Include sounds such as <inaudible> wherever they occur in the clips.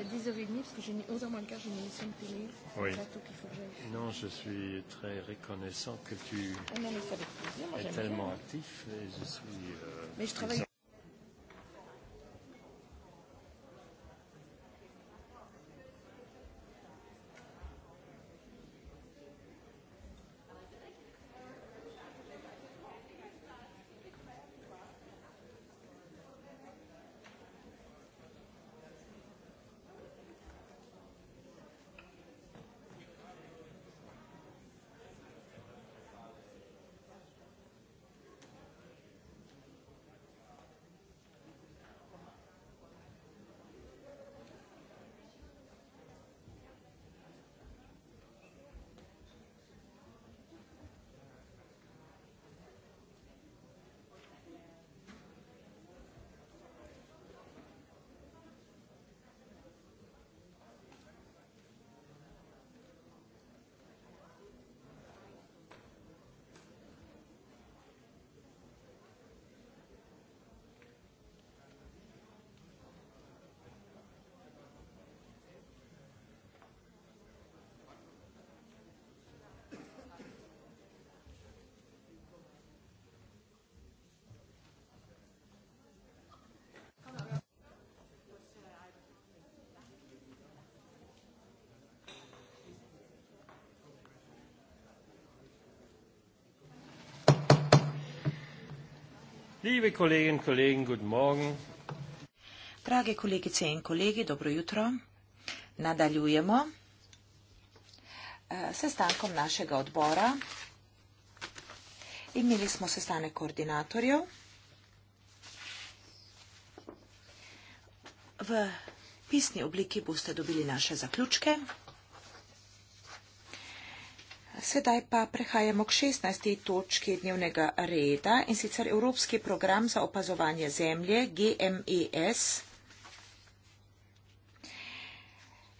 à 10h30 parce que j'ai mis 11h moins le quart, j'ai une émission de télé. Oui. Plateau, qu'il faut que j'aille. Non, je suis très reconnaissant que tu ah non, mais ça plaisir, moi, es tellement bien. actif. Et je suis, euh, mais je travaille Liebe Kolleginnen und Kollegen, guten Morgen. Drage kolegice in kolegi, dobro jutro. Nadaljujemo s eh, sestankom našega odbora. Imeli smo sestanek koordinatorjev. V pisni obliki boste dobili naše zaključke. Sedaj pa prehajamo k 16. točki dnevnega reda in sicer Evropski program za opazovanje zemlje GMES.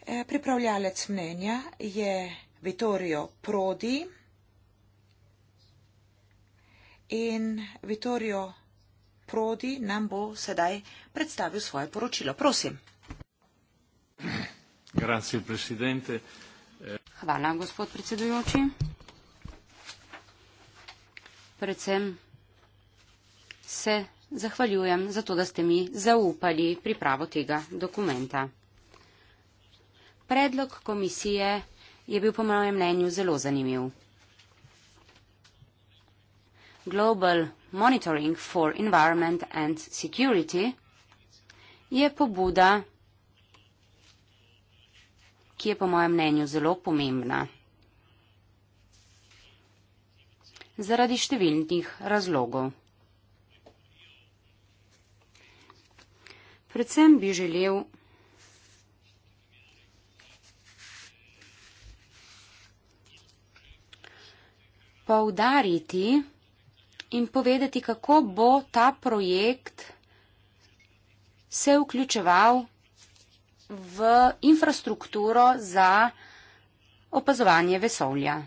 E, pripravljalec mnenja je Vittorio Prodi in Vittorio Prodi nam bo sedaj predstavil svoje poročilo. Prosim. Grazie, predsednik. Hvala, gospod predsedujoči. Predvsem se zahvaljujem za to, da ste mi zaupali pripravo tega dokumenta. Predlog komisije je bil po mojem mnenju zelo zanimiv. Global Monitoring for Environment and Security je pobuda ki je po mojem mnenju zelo pomembna. Zaradi številnih razlogov. Predvsem bi želel poudariti in povedati, kako bo ta projekt se vključeval v infrastrukturo za opazovanje vesolja.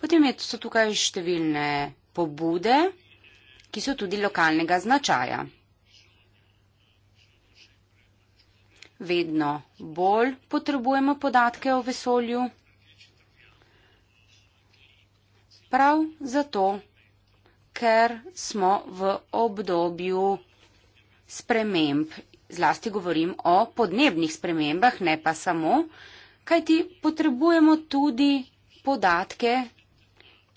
Potem so tukaj številne pobude, ki so tudi lokalnega značaja. Vedno bolj potrebujemo podatke o vesolju. Prav zato, ker smo v obdobju sprememb, zlasti govorim o podnebnih spremembah, ne pa samo, kajti potrebujemo tudi podatke,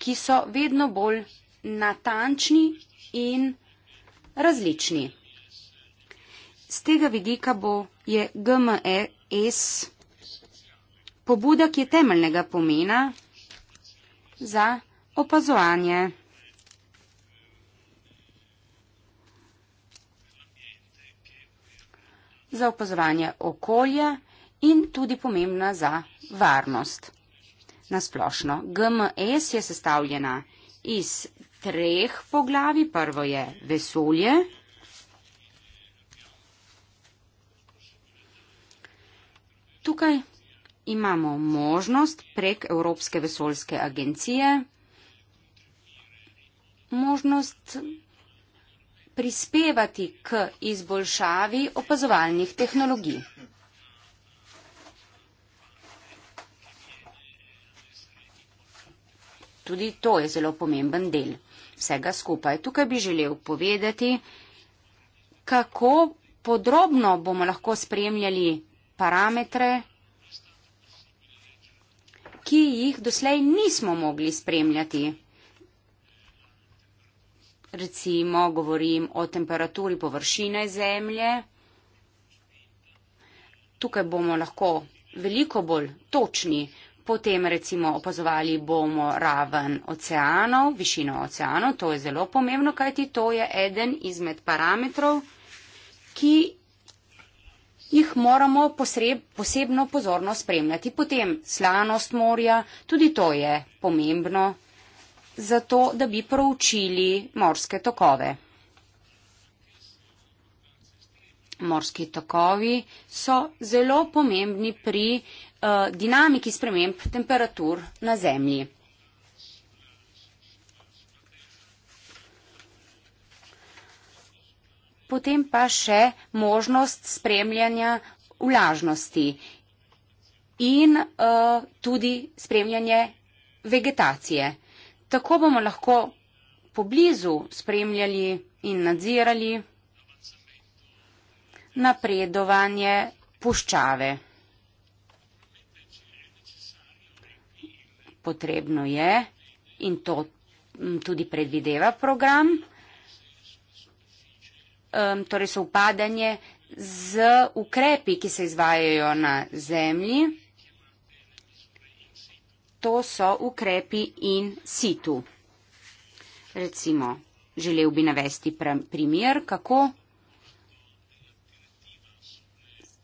ki so vedno bolj natančni in različni. Z tega vidika bo je GMS e pobuda, ki je temeljnega pomena za opazovanje. za opazovanje okolja in tudi pomembna za varnost. Nasplošno, GMS je sestavljena iz treh poglavi. Prvo je vesolje, tukaj imamo možnost prek Evropske vesoljske agencije možnost prispevati k izboljšavi opazovalnih tehnologij. Tudi to je zelo pomemben del vsega skupaj. Tukaj bi želel povedati, kako podrobno bomo lahko spremljali parametre, ki jih doslej nismo mogli spremljati recimo govorim o temperaturi površine zemlje, tukaj bomo lahko veliko bolj točni, potem recimo opazovali bomo raven oceanov, višino oceanov, to je zelo pomembno, kajti to je eden izmed parametrov, ki jih moramo posebno pozorno spremljati. Potem slanost morja, tudi to je pomembno zato da bi proučili morske tokove. Morski tokovi so zelo pomembni pri uh, dinamiki sprememb temperatur na Zemlji. Potem pa še možnost spremljanja vlažnosti in uh, tudi spremljanje vegetacije. Uh, Tako bomo lahko poblizu spremljali in nadzirali napredovanje puščave. Potrebno je in to tudi predvideva program, torej so upadanje z ukrepi, ki se izvajajo na zemlji to so ukrepi in situ. Recimo, želel bi navesti pr primer, kako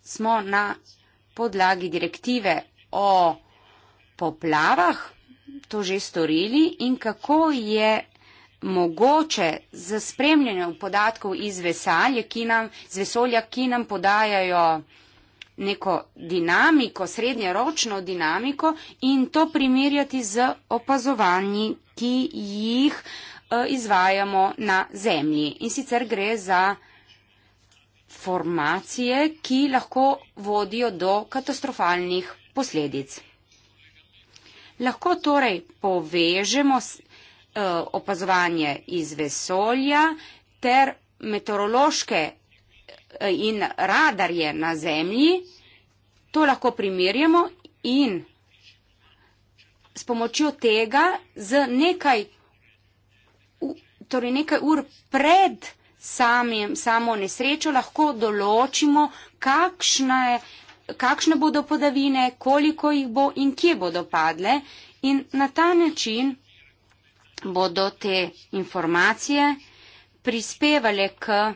smo na podlagi direktive o poplavah to že storili in kako je mogoče z spremljanjem podatkov iz vesolja, ki nam, vesolja, ki nam podajajo neko dinamiko, srednjeročno dinamiko in to primerjati z opazovanji, ki jih eh, izvajamo na zemlji. In sicer gre za formacije, ki lahko vodijo do katastrofalnih posledic. Lahko torej povežemo eh, opazovanje iz vesolja ter meteorološke in radar je na Zemlji, to lahko primerjamo in s pomočjo tega z nekaj, torej nekaj ur pred samim, samo nesrečo lahko določimo, kakšna je kakšne bodo podavine, koliko jih bo in kje bodo padle in na ta način bodo te informacije prispevale k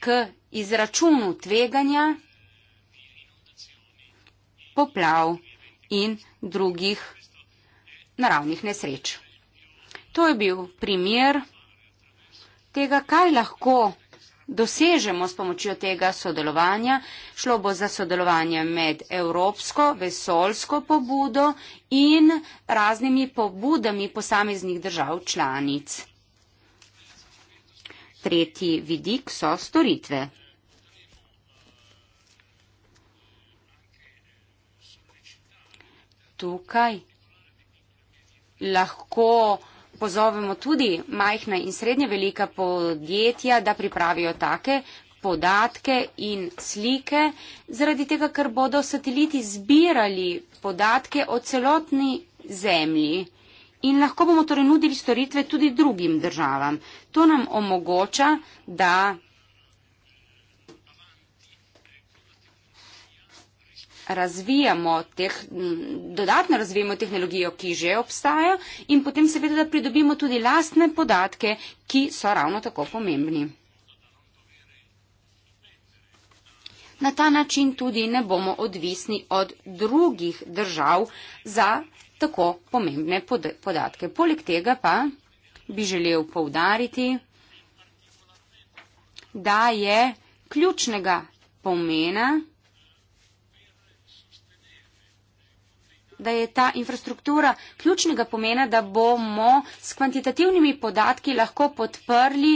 k izračunu tveganja poplav in drugih naravnih nesreč. To je bil primer tega, kaj lahko dosežemo s pomočjo tega sodelovanja. Šlo bo za sodelovanje med evropsko vesolsko pobudo in raznimi pobudami posameznih držav članic tretji vidik so storitve. Tukaj lahko pozovemo tudi majhna in srednje velika podjetja, da pripravijo take podatke in slike, zaradi tega, ker bodo sateliti zbirali podatke o celotni zemlji in lahko bomo torej nudili storitve tudi drugim državam. To nam omogoča, da razvijamo teh, dodatno razvijamo tehnologijo, ki že obstaja in potem seveda, da pridobimo tudi lastne podatke, ki so ravno tako pomembni. Na ta način tudi ne bomo odvisni od drugih držav za tako pomembne pod podatke. Poleg tega pa bi želel povdariti, da je ključnega pomena, da je ta infrastruktura ključnega pomena, da bomo s kvantitativnimi podatki lahko podprli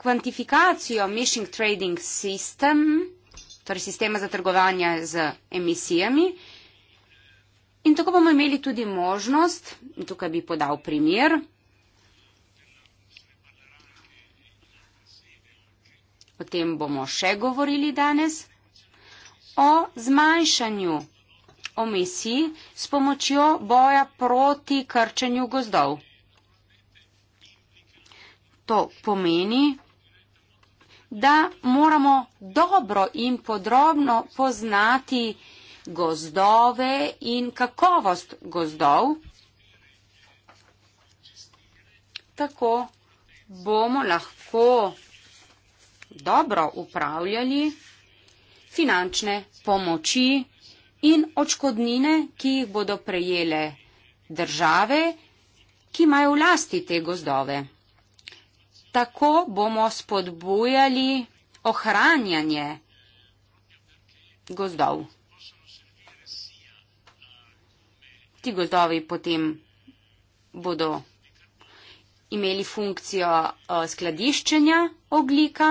kvantifikacijo Mishing Trading System, torej sistema za trgovanje z emisijami, In tako bomo imeli tudi možnost, tukaj bi podal primer, o tem bomo še govorili danes, o zmanjšanju omisij s pomočjo boja proti krčenju gozdov. To pomeni, da moramo dobro in podrobno poznati gozdove in kakovost gozdov. Tako bomo lahko dobro upravljali finančne pomoči in očkodnine, ki jih bodo prejele države, ki imajo vlasti te gozdove. Tako bomo spodbujali ohranjanje gozdov. ti gozdovi potem bodo imeli funkcijo eh, skladiščenja oglika,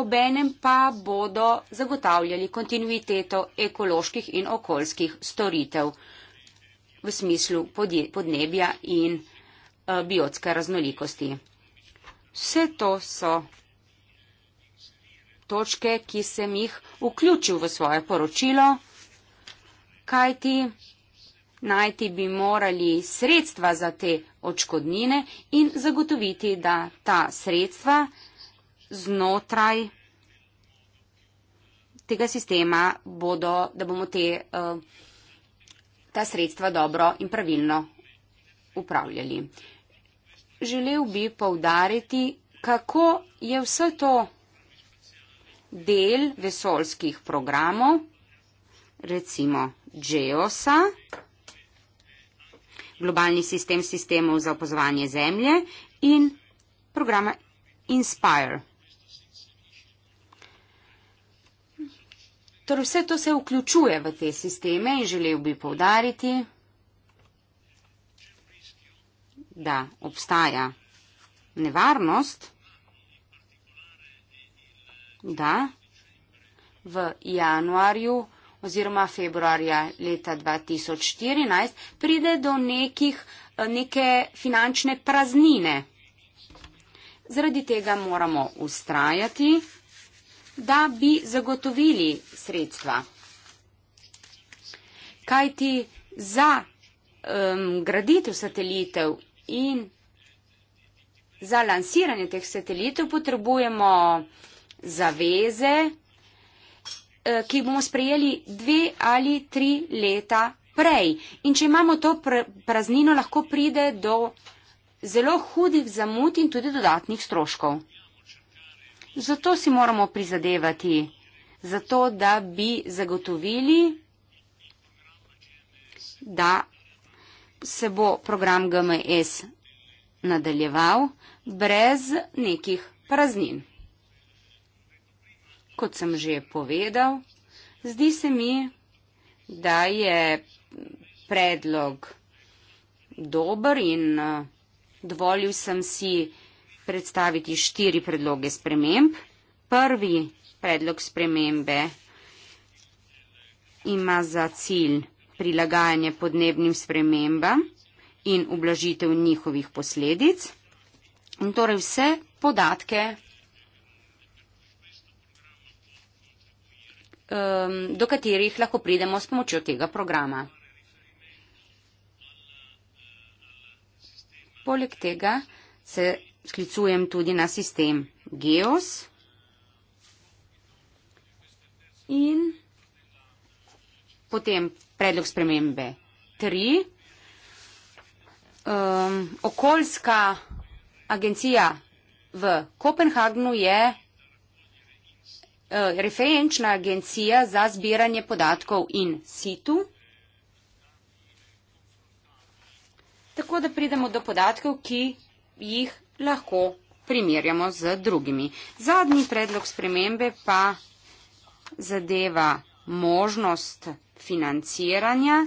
obenem pa bodo zagotavljali kontinuiteto ekoloških in okoljskih storitev v smislu podnebja in eh, biotske raznolikosti. Vse to so točke, ki sem jih vključil v svoje poročilo, kajti najti bi morali sredstva za te očkodnine in zagotoviti, da ta sredstva znotraj tega sistema bodo, da bomo te, eh, ta sredstva dobro in pravilno upravljali. Želel bi povdariti, kako je vse to del vesolskih programov, recimo GEOSA, globalni sistem sistemov za opozovanje zemlje in programa Inspire. Torej vse to se vključuje v te sisteme in želel bi povdariti, da obstaja nevarnost, da v januarju oziroma februarja leta 2014, pride do nekih, neke finančne praznine. Zaradi tega moramo ustrajati, da bi zagotovili sredstva. Kaj ti za um, graditev satelitev in za lansiranje teh satelitev potrebujemo zaveze, Eh, ki jih bomo sprejeli dve ali tri leta prej. In če imamo to praznino, lahko pride do zelo hudih zamud in tudi dodatnih stroškov. Zato si moramo prizadevati, zato da bi zagotovili, da se bo program GMS nadaljeval brez nekih praznin kot sem že povedal, zdi se mi, da je predlog dober in eh, dovolil sem si predstaviti štiri predloge sprememb. Prvi predlog spremembe ima za cilj prilagajanje podnebnim spremembam in ublažitev njihovih posledic. In torej vse podatke um, do katerih lahko pridemo s pomočjo tega programa. Poleg tega se sklicujem tudi na sistem GEOS in potem predlog spremembe 3. Um, okoljska agencija v Kopenhagnu je Eh, referenčna agencija za zbiranje podatkov in situ. Tako da pridemo do podatkov, ki jih lahko primerjamo z drugimi. Zadnji predlog spremembe pa zadeva možnost financiranja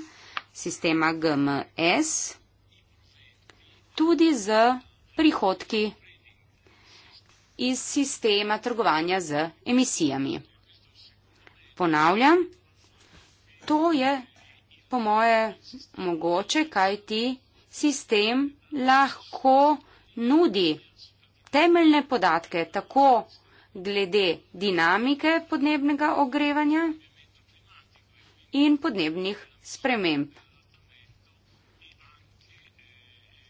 sistema GMS tudi z prihodki iz sistema trgovanja z emisijami. Ponavljam, to je po moje mogoče, kaj ti sistem lahko nudi temeljne podatke tako glede dinamike podnebnega ogrevanja in podnebnih sprememb.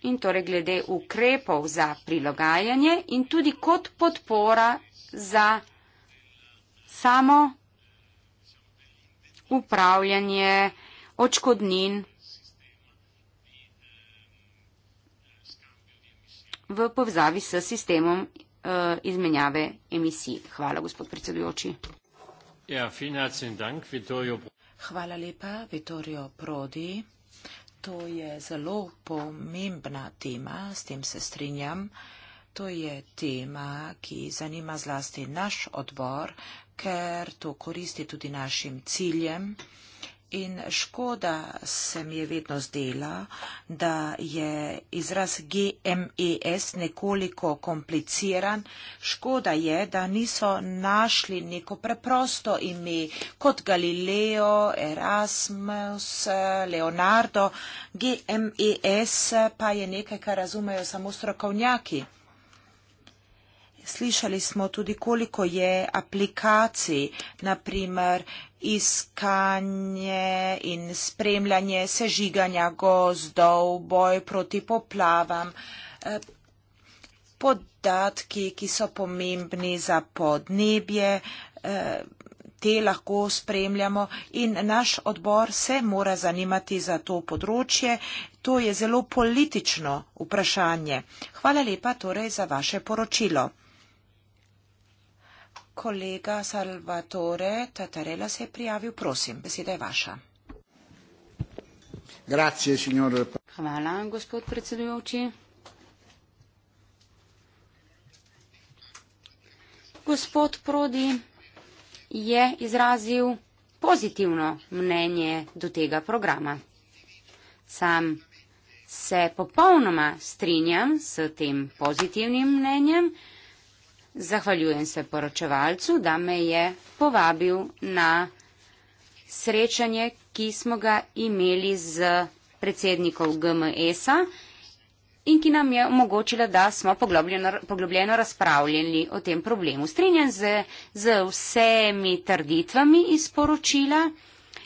in torej glede ukrepov za prilagajanje in tudi kot podpora za samo upravljanje očkodnin v povzavi s sistemom uh, izmenjave emisij. Hvala, gospod predsedujoči. Ja, Hvala lepa, Vittorio Prodi. To je zelo pomembna tema, s tem se strinjam. To je tema, ki zanima zlasti naš odbor, ker to koristi tudi našim ciljem. In škoda se mi je vedno zdela, da je izraz GMES nekoliko kompliciran. Škoda je, da niso našli neko preprosto ime kot Galileo, Erasmus, Leonardo. GMES pa je nekaj, kar razumejo samo strokovnjaki. Slišali smo tudi, koliko je aplikacij, naprimer iskanje in spremljanje sežiganja gozdov, boj proti poplavam, e, podatki, ki so pomembni za podnebje, e, te lahko spremljamo in naš odbor se mora zanimati za to področje. To je zelo politično vprašanje. Hvala lepa torej za vaše poročilo kolega Salvatore Tatarela se je prijavil. Prosim, beseda je vaša. Grazie, signor... Hvala, gospod predsedujoči. Gospod Prodi je izrazil pozitivno mnenje do tega programa. Sam se popolnoma strinjam s tem pozitivnim mnenjem. Zahvaljujem se poročevalcu, da me je povabil na srečanje, ki smo ga imeli z predsednikov GMS-a in ki nam je omogočila, da smo poglobljeno, poglobljeno razpravljali o tem problemu. Strinjam se z vsemi trditvami iz poročila,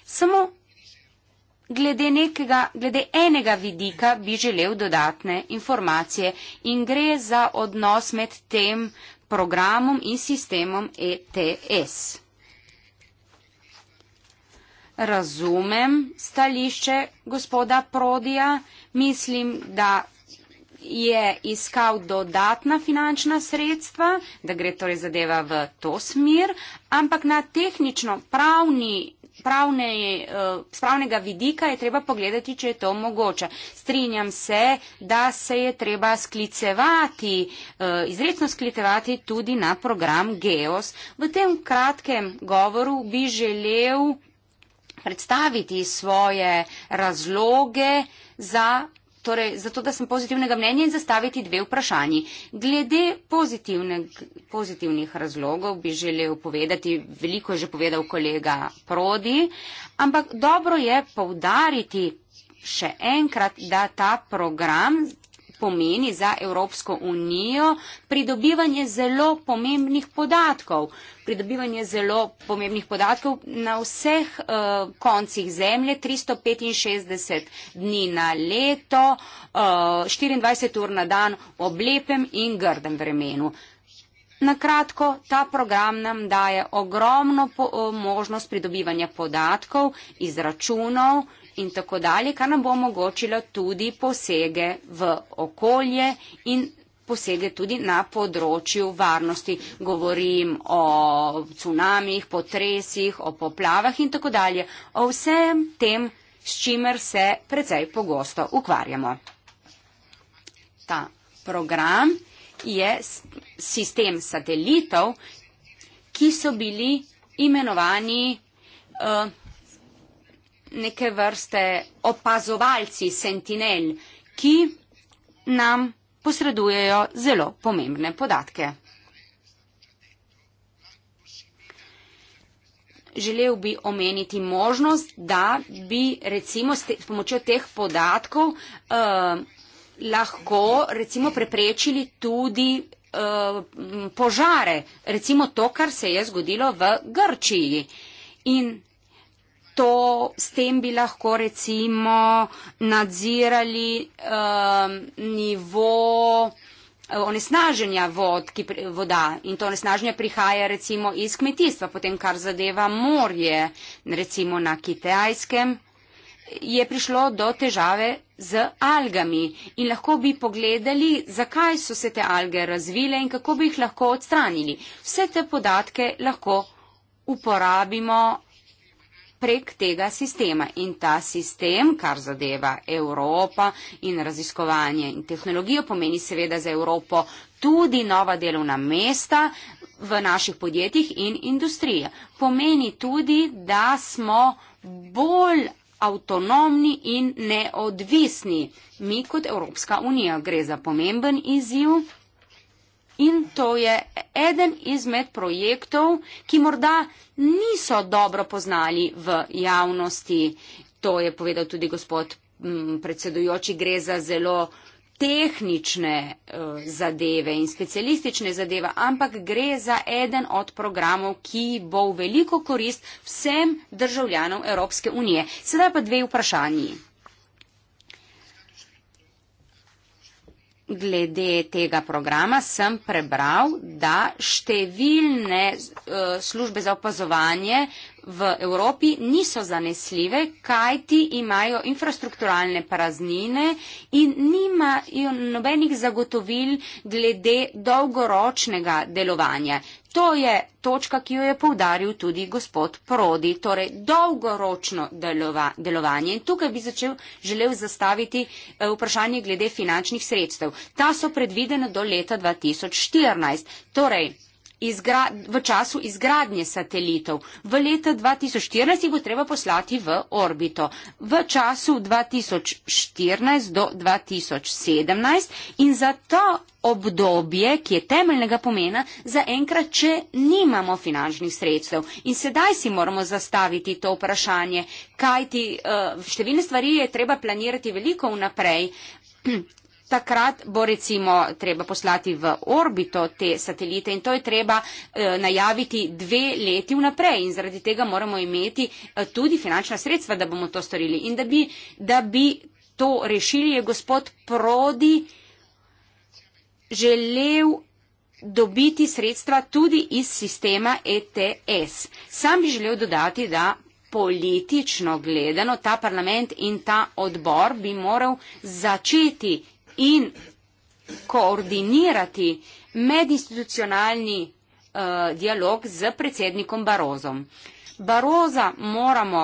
samo glede, nekega, glede enega vidika bi želel dodatne informacije in gre za odnos med tem programom in sistemom ETS. Razumem stališče gospoda Prodija, mislim, da je iskal dodatna finančna sredstva, da gre torej zadeva v to smer, ampak na tehnično pravni pravne, uh, eh, z pravnega vidika je treba pogledati, če je to mogoče. Strinjam se, da se je treba sklicevati, uh, izredno sklicevati tudi na program GEOS. V tem kratkem govoru bi želel predstaviti svoje razloge za Torej, zato, da sem pozitivnega mnenja in zastaviti dve vprašanji. Glede pozitivnih razlogov bi želel povedati, veliko je že povedal kolega Prodi, ampak dobro je povdariti še enkrat, da ta program pomeni za Evropsko unijo pridobivanje zelo pomembnih podatkov. Pridobivanje zelo pomembnih podatkov na vseh uh, koncih zemlje, 365 dni na leto, uh, eh, 24 ur na dan ob lepem in grdem vremenu. Na kratko, ta program nam daje ogromno po, o, eh, možnost pridobivanja podatkov, izračunov, in tako dalje, kar nam bo omogočilo tudi posege v okolje in posege tudi na področju varnosti. Govorim o cunamih, potresih, o poplavah in tako dalje. O vsem tem, s čimer se precej pogosto ukvarjamo. Ta program je sistem satelitov, ki so bili imenovani uh, neke vrste opazovalci, sentinel, ki nam posredujejo zelo pomembne podatke. Želel bi omeniti možnost, da bi recimo s pomočjo teh podatkov uh, lahko recimo preprečili tudi uh, požare, recimo to, kar se je zgodilo v Grčiji. In to, s tem bi lahko recimo nadzirali um, nivo eh, onesnaženja vod, ki, voda in to onesnaženje prihaja recimo iz kmetijstva, potem kar zadeva morje, recimo na Kitajskem, je prišlo do težave z algami in lahko bi pogledali, zakaj so se te alge razvile in kako bi jih lahko odstranili. Vse te podatke lahko uporabimo prek tega sistema. In ta sistem, kar zadeva Evropa in raziskovanje in tehnologijo, pomeni seveda za Evropo tudi nova delovna mesta v naših podjetjih in industrije. Pomeni tudi, da smo bolj avtonomni in neodvisni. Mi kot Evropska unija gre za pomemben izziv in to je eden izmed projektov, ki morda niso dobro poznali v javnosti. To je povedal tudi gospod mm, predsedujoči, gre za zelo tehnične eh, zadeve in specialistične zadeve, ampak gre za eden od programov, ki bo v veliko korist vsem državljanom Evropske unije. Sedaj pa dve vprašanji. glede tega programa sem prebral, da številne eh, službe za opazovanje v Evropi niso zanesljive, kaj ti imajo infrastrukturalne praznine in nimajo nobenih zagotovil glede dolgoročnega delovanja. To je točka, ki jo je povdaril tudi gospod Prodi, torej dolgoročno delova, delovanje. In tukaj bi začel, želel zastaviti eh, vprašanje glede finančnih sredstev. Ta so predvidena do leta 2014. Torej, izgra, v času izgradnje satelitov. V leta 2014 jih bo treba poslati v orbito. V času 2014 do 2017 in za to obdobje, ki je temeljnega pomena, zaenkrat, če nimamo finančnih sredstev. In sedaj si moramo zastaviti to vprašanje, kaj ti uh, eh, številne stvari je treba planirati veliko vnaprej takrat bo recimo treba poslati v orbito te satelite in to je treba eh, najaviti dve leti vnaprej in zaradi tega moramo imeti eh, tudi finančna sredstva, da bomo to storili. In da bi, da bi to rešili, je gospod Prodi želel dobiti sredstva tudi iz sistema ETS. Sam bi želel dodati, da politično gledano ta parlament in ta odbor bi moral začeti in koordinirati medinstitucionalni uh, dialog z predsednikom Barozom. Baroza moramo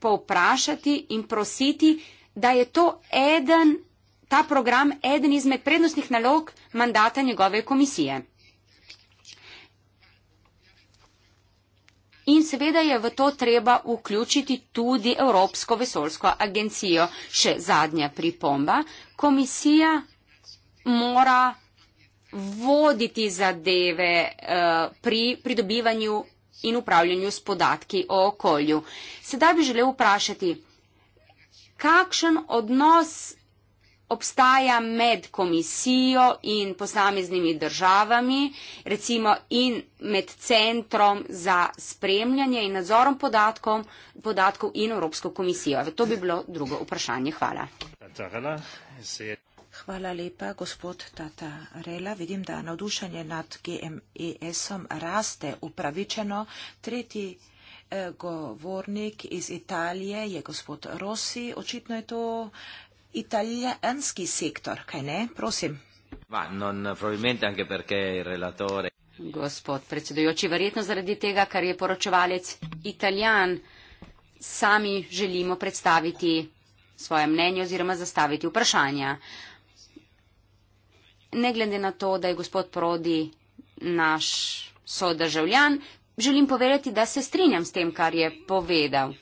povprašati in prositi, da je to eden, ta program eden izmed prednostnih nalog mandata njegove komisije. in seveda je v to treba vključiti tudi Evropsko vesoljsko agencijo. Še zadnja pripomba. Komisija mora voditi zadeve eh, pri pridobivanju in upravljanju s podatki o okolju. Sedaj bi želel vprašati, kakšen odnos obstaja med komisijo in posameznimi državami recimo, in med centrom za spremljanje in nadzorom podatkom, podatkov in Evropsko komisijo. To bi bilo drugo vprašanje. Hvala. Hvala lepa, gospod Tata Rela. Vidim, da navdušenje nad GMES-om raste upravičeno. Tretji eh, govornik iz Italije je gospod Rossi. Očitno je to italijanski sektor, kaj ne, prosim. Ma, non, anche relatore... Gospod predsedujoči, verjetno zaradi tega, ker je poročevalec italijan, sami želimo predstaviti svoje mnenje oziroma zastaviti vprašanja. Ne glede na to, da je gospod Prodi naš sodržavljan, želim povedati, da se strinjam s tem, kar je povedal.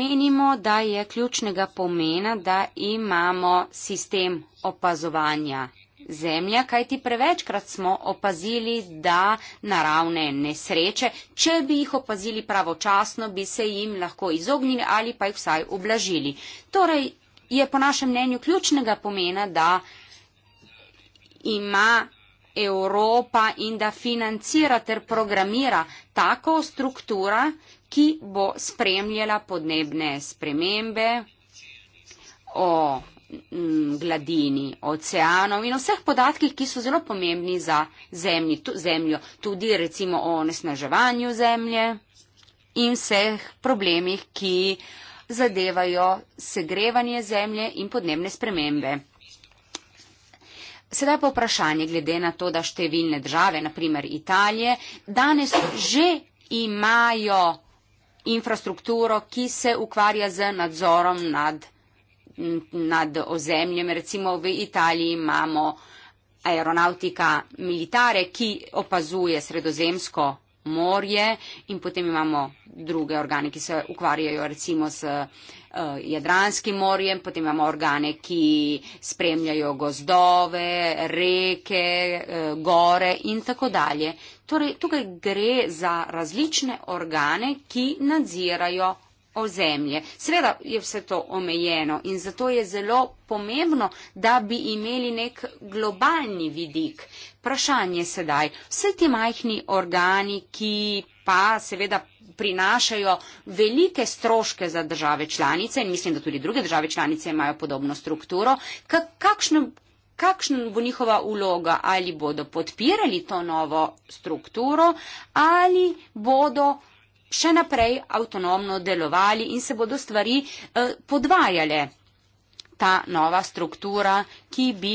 Menimo, da je ključnega pomena, da imamo sistem opazovanja zemlja, kajti prevečkrat smo opazili, da naravne nesreče, če bi jih opazili pravočasno, bi se jim lahko izognili ali pa jih vsaj ublažili. Torej je po našem mnenju ključnega pomena, da ima Evropa in da financira ter programira tako struktura, ki bo spremljala podnebne spremembe o gladini, oceanov in vseh podatkih, ki so zelo pomembni za zemlji, zemljo, tudi recimo o nesnaževanju zemlje in vseh problemih, ki zadevajo segrevanje zemlje in podnebne spremembe. Sedaj pa vprašanje, glede na to, da številne države, naprimer Italije, danes že imajo infrastrukturo, ki se ukvarja z nadzorom nad, nad ozemljem. Recimo v Italiji imamo aeronautika militare, ki opazuje sredozemsko morje in potem imamo druge organe, ki se ukvarjajo recimo s uh, jadranskim morjem, potem imamo organe, ki spremljajo gozdove, reke, uh, gore in tako dalje. Torej, tukaj gre za različne organe, ki nadzirajo ozemlje. Seveda je vse to omejeno in zato je zelo pomembno, da bi imeli nek globalni vidik. Prašanje sedaj, vse ti majhni organi, ki pa seveda prinašajo velike stroške za države članice in mislim, da tudi druge države članice imajo podobno strukturo, kakšno, kakšna bo njihova uloga, ali bodo podpirali to novo strukturo ali bodo še naprej avtonomno delovali in se bodo stvari eh, podvajale. Ta nova struktura, ki bi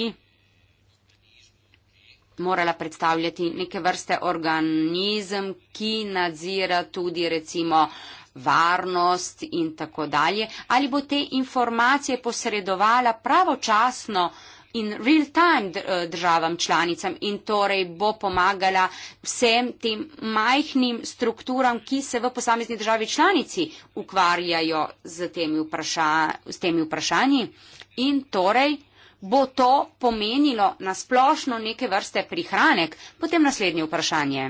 morala predstavljati neke vrste organizem, ki nadzira tudi recimo varnost in tako dalje, ali bo te informacije posredovala pravočasno eh, in real time eh, državam članicam in torej bo pomagala vsem tem majhnim strukturam, ki se v posamezni državi članici ukvarjajo z temi, vpraša z temi vprašanji. In torej bo to pomenilo nasplošno neke vrste prihranek. Potem naslednje vprašanje.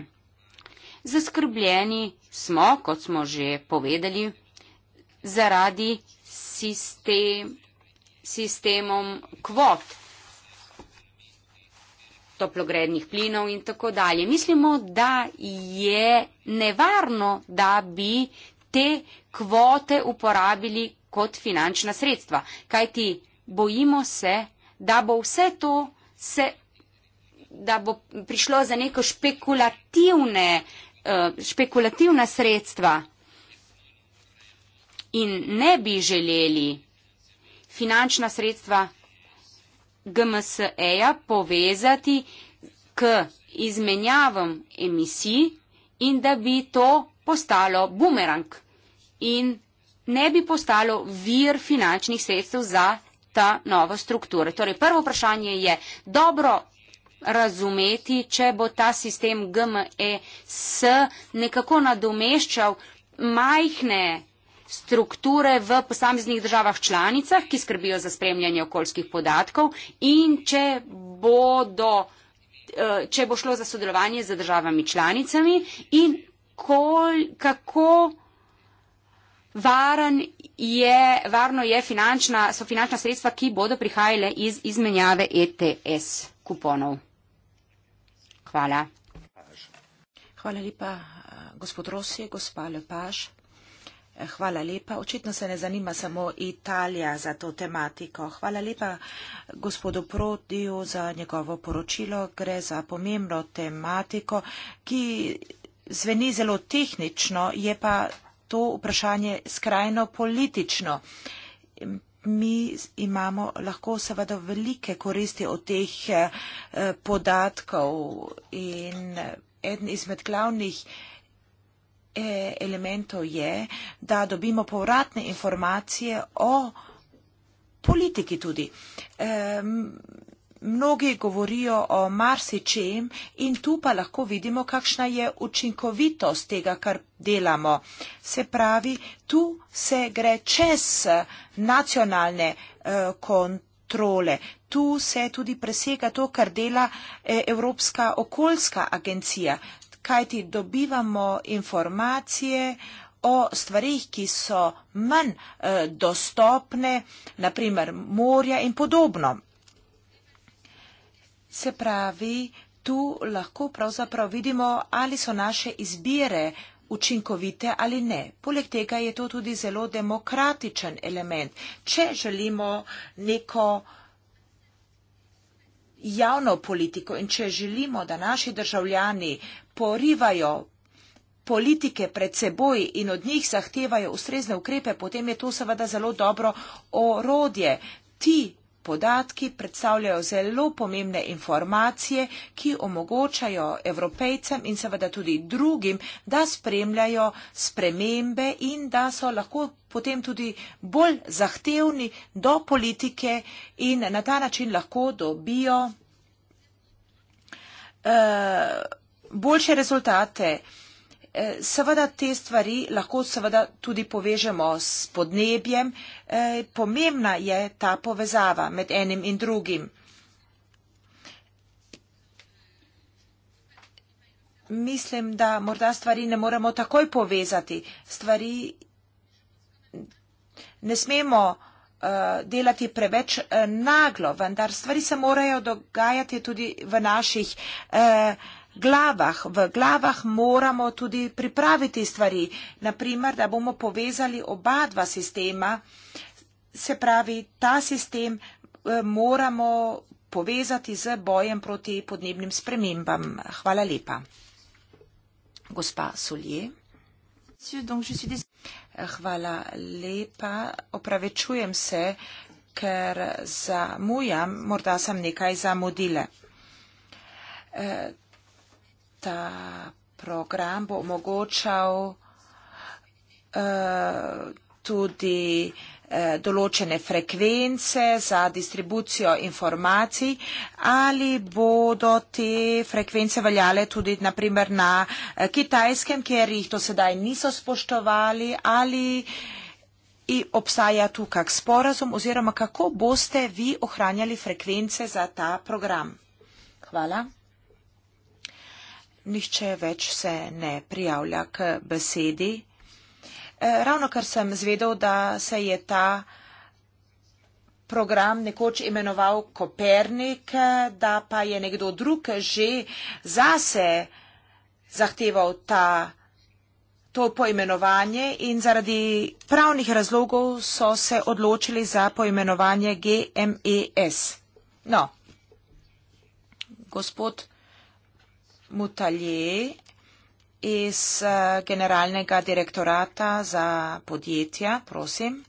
Zaskrbljeni smo, kot smo že povedali, zaradi sistem, sistemom kvot toplogrednih plinov in tako dalje. Mislimo, da je nevarno, da bi te kvote uporabili kot finančna sredstva. Kajti bojimo se, da bo vse to se, da bo prišlo za neko špekulativne, eh, špekulativna sredstva in ne bi želeli finančna sredstva GMS-eja povezati k izmenjavam emisij in da bi to postalo bumerang in ne bi postalo vir finančnih sredstev za ta novo strukturo. Torej, prvo vprašanje je dobro razumeti, če bo ta sistem GMS e nekako nadomeščal majhne strukture v posameznih državah članicah, ki skrbijo za spremljanje okoljskih podatkov in če, bodo, eh, če bo šlo za sodelovanje z državami članicami in kol, kako varen je, varno je finančna, so finančna sredstva, ki bodo prihajale iz izmenjave ETS kuponov. Hvala. Hvala lepa, gospod Rosje, gospa Lepaš. Hvala lepa. Očitno se ne zanima samo Italija za to tematiko. Hvala lepa gospodu Prodiju za njegovo poročilo. Gre za pomembno tematiko, ki zveni zelo tehnično, je pa to vprašanje skrajno politično. Mi imamo lahko seveda velike koristi od teh eh, podatkov in eden izmed glavnih elementov je, da dobimo povratne informacije o politiki tudi. Mnogi govorijo o marsičem in tu pa lahko vidimo, kakšna je učinkovitost tega, kar delamo. Se pravi, tu se gre čez nacionalne eh, kontrole. Tu se tudi presega to, kar dela eh, Evropska okoljska agencija kajti dobivamo informacije o stvarih, ki so manj eh, dostopne, naprimer morja in podobno. Se pravi, tu lahko pravzaprav vidimo, ali so naše izbire učinkovite ali ne. Poleg tega je to tudi zelo demokratičen element. Če želimo neko javno politiko in če želimo, da naši državljani porivajo politike pred seboj in od njih zahtevajo ustrezne ukrepe, potem je to seveda zelo dobro orodje. Ti podatki predstavljajo zelo pomembne informacije, ki omogočajo evropejcem in seveda tudi drugim, da spremljajo spremembe in da so lahko potem tudi bolj zahtevni do politike in na ta način lahko dobijo uh, boljše rezultate. Uh, Eh, seveda te stvari lahko seveda tudi povežemo s podnebjem. Eh, pomembna je ta povezava med enim in drugim. Mislim, da morda stvari ne moremo takoj povezati. Stvari ne smemo eh, delati preveč naglo, vendar stvari se morajo dogajati tudi v naših naših glavah, v glavah moramo tudi pripraviti stvari, naprimer, da bomo povezali oba dva sistema, se pravi, ta sistem eh, moramo povezati z bojem proti podnebnim spremembam. Hvala lepa. Gospa Solje. Hvala lepa. Opravečujem se, ker zamujam, morda sem nekaj zamudile. Eh, ta program bo omogočal eh, tudi eh, določene frekvence za distribucijo informacij ali bodo te frekvence veljale tudi naprimer na eh, kitajskem, kjer jih to sedaj niso spoštovali ali obstaja tu kak sporazum oziroma kako boste vi ohranjali frekvence za ta program. Hvala. Nihče več se ne prijavlja k besedi. E, ravno kar sem zvedel, da se je ta program nekoč imenoval Kopernik, da pa je nekdo drug že zase zahteval ta, to poimenovanje in zaradi pravnih razlogov so se odločili za poimenovanje GMES. No, gospod. Mutalier iz eh, Generalnega direktorata za podjetja. Prosim.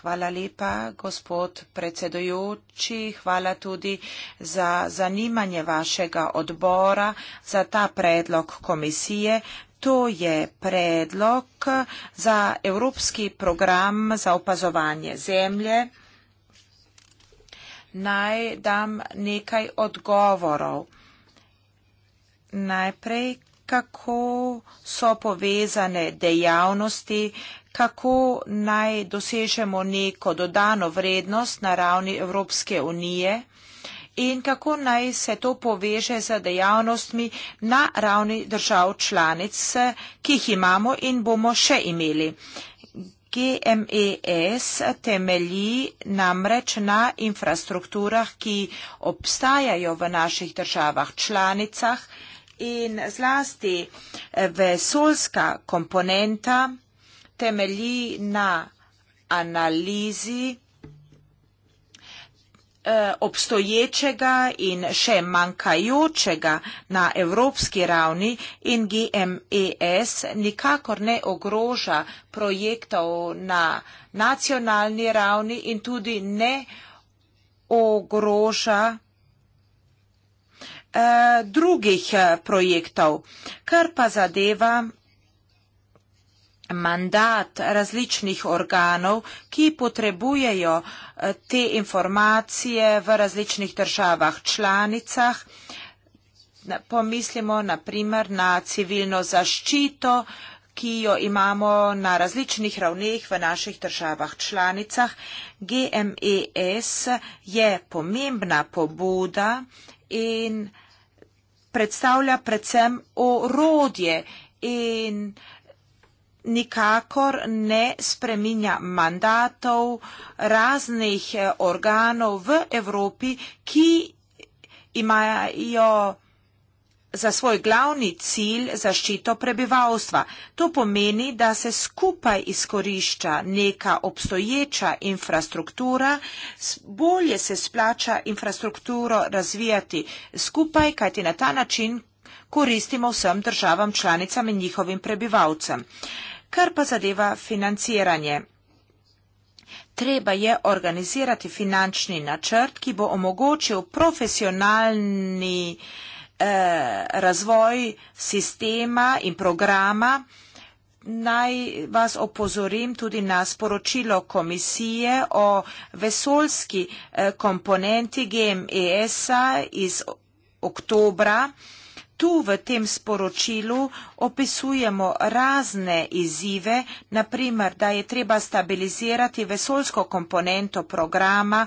Hvala lepa, gospod predsedujoči. Hvala tudi za zanimanje vašega odbora za ta predlog komisije. To je predlog za Evropski program za opazovanje zemlje naj dam nekaj odgovorov. Najprej, kako so povezane dejavnosti, kako naj dosežemo neko dodano vrednost na ravni Evropske unije in kako naj se to poveže z dejavnostmi na ravni držav članic, ki jih imamo in bomo še imeli. GMES temelji namreč na infrastrukturah, ki obstajajo v naših državah članicah in zlasti eh, vesoljska komponenta temelji na analizi Eh, obstoječega in še manjkajočega na evropski ravni in GMES nikakor ne ogroža projektov na nacionalni ravni in tudi ne ogroža eh, drugih eh, projektov. Kar pa zadeva mandat različnih organov, ki potrebujejo eh, te informacije v različnih državah članicah. Pomislimo naprimer na civilno zaščito, ki jo imamo na različnih ravneh v naših državah članicah. GMES je pomembna pobuda in predstavlja predvsem orodje in uh, nikakor ne spreminja mandatov raznih eh, organov v Evropi, ki imajo za svoj glavni cilj zaščito prebivalstva. To pomeni, da se skupaj izkorišča neka obstoječa infrastruktura, bolje se splača infrastrukturo razvijati skupaj, kajti na ta način koristimo vsem državam članicam in njihovim prebivalcem. Kar pa zadeva financiranje. Treba je organizirati finančni načrt, ki bo omogočil profesionalni eh, razvoj sistema in programa. Naj vas opozorim tudi na sporočilo komisije o vesoljski eh, komponenti GMES-a iz oktobra eh, tu v tem sporočilu opisujemo razne izzive, naprimer, da je treba stabilizirati vesolsko komponento programa.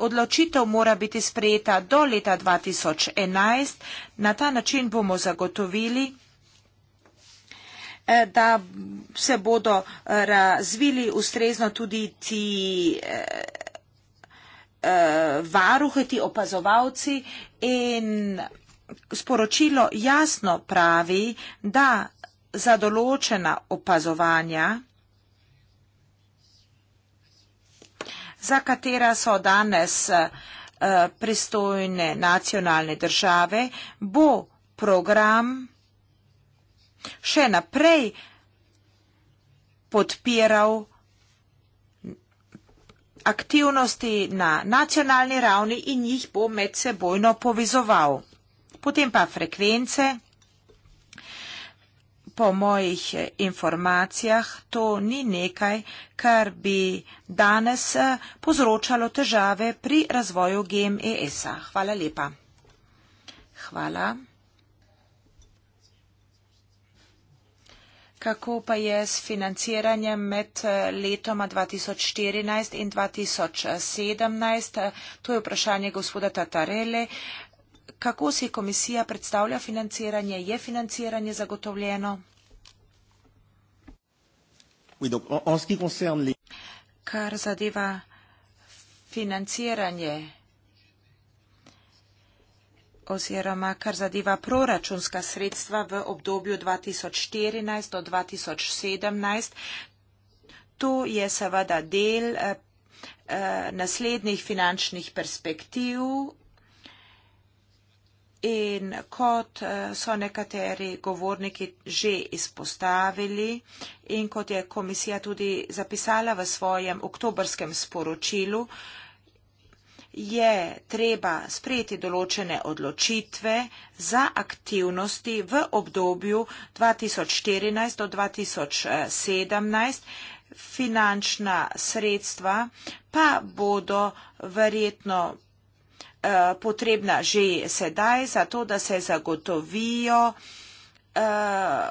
Odločitev mora biti sprejeta do leta 2011. Na ta način bomo zagotovili, eh, da se bodo eh, razvili ustrezno tudi ti eh, uh, eh, varuhi, ti opazovalci in sporočilo jasno pravi, da za določena opazovanja, za katera so danes uh, pristojne nacionalne države, bo program še naprej podpiral aktivnosti na nacionalni ravni in jih bo med sebojno povezoval. Potem pa frekvence. Po mojih informacijah to ni nekaj, kar bi danes eh, povzročalo težave pri razvoju GMES-a. Hvala lepa. Hvala. Kako pa je s financiranjem med eh, letoma 2014 in 2017? To je vprašanje gospoda Tatarele. Kako si komisija predstavlja financiranje? Je financiranje zagotovljeno? Oui, donc, en, en ce qui concerne les... Kar zadeva financiranje oziroma kar zadeva proračunska sredstva v obdobju 2014 do 2017. To je seveda del eh, naslednjih finančnih perspektiv. In kot eh, so nekateri govorniki že izpostavili in kot je komisija tudi zapisala v svojem oktobrskem sporočilu, je treba sprejeti določene odločitve za aktivnosti v obdobju 2014 do 2017. Finančna sredstva pa bodo verjetno eh, potrebna že sedaj, zato da se zagotovijo eh,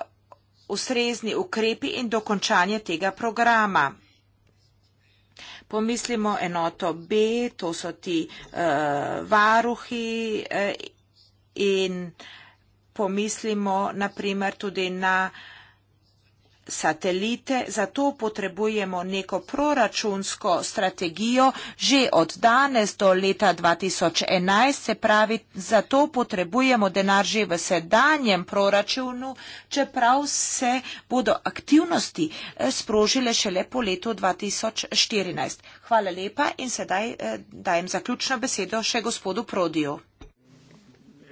ustrezni ukrepi in dokončanje tega programa pomislimo enoto B, to so ti uh, varuhi uh, in pomislimo naprimer tudi na uh, satelite, zato potrebujemo neko proračunsko strategijo že od danes do leta 2011, se pravi, zato potrebujemo denar že v sedanjem proračunu, čeprav se bodo aktivnosti eh, sprožile šele po letu 2014. Hvala lepa in sedaj eh, dajem zaključno besedo še gospodu Prodiju.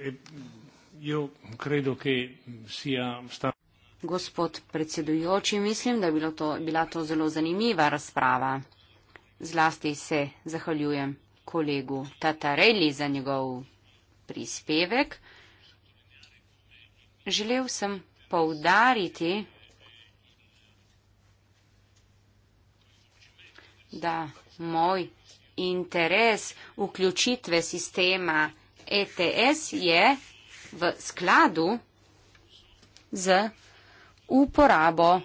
Eh, io credo che sia stato Gospod predsedujoči, mislim, da je bilo to, bila to zelo zanimiva razprava. Zlasti se zahvaljujem kolegu Tatareli za njegov prispevek. Želel sem poudariti, da moj interes vključitve sistema ETS je v skladu z uporabo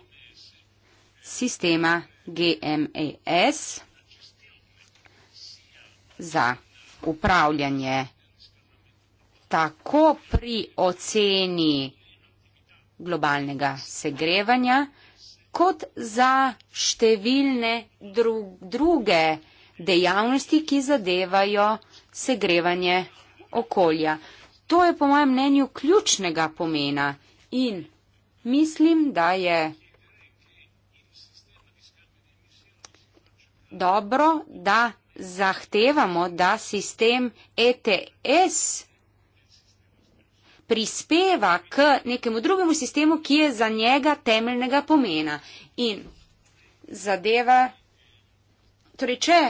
sistema GMAS za upravljanje tako pri oceni globalnega segrevanja, kot za številne dru druge dejavnosti, ki zadevajo segrevanje okolja. To je po mojem mnenju ključnega pomena in Mislim, da je dobro, da zahtevamo, da sistem ETS prispeva k nekemu drugemu sistemu, ki je za njega temeljnega pomena. In zadeva, torej če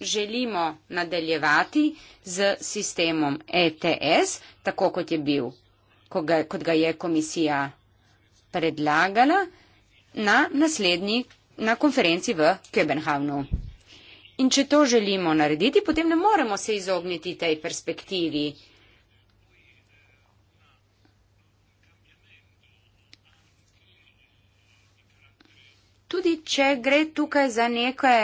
želimo nadaljevati z sistemom ETS, tako kot je bil ko ga, kot ga je komisija predlagala na naslednji na konferenci v Köbenhavnu. In če to želimo narediti, potem ne moremo se izogniti tej perspektivi. Tudi če gre tukaj za neke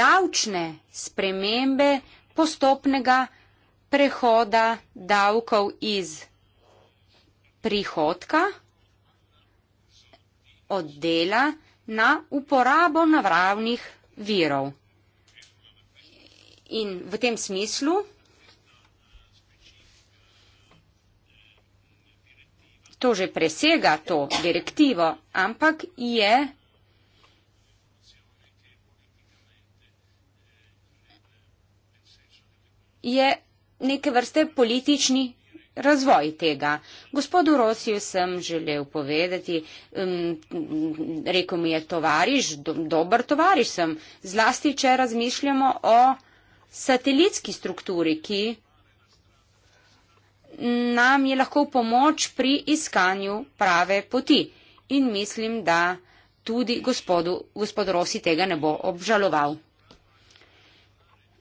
davčne spremembe postopnega prehoda davkov iz prihodka od dela na uporabo naravnih virov. In v tem smislu to že presega to direktivo, ampak je je neke vrste politični razvoj tega. Gospodu Rosiju sem želel povedati, um, rekel mi je tovariš, do, dober tovariš sem, zlasti če razmišljamo o satelitski strukturi, ki nam je lahko v pomoč pri iskanju prave poti. In mislim, da tudi gospodu, gospod Rosi tega ne bo obžaloval.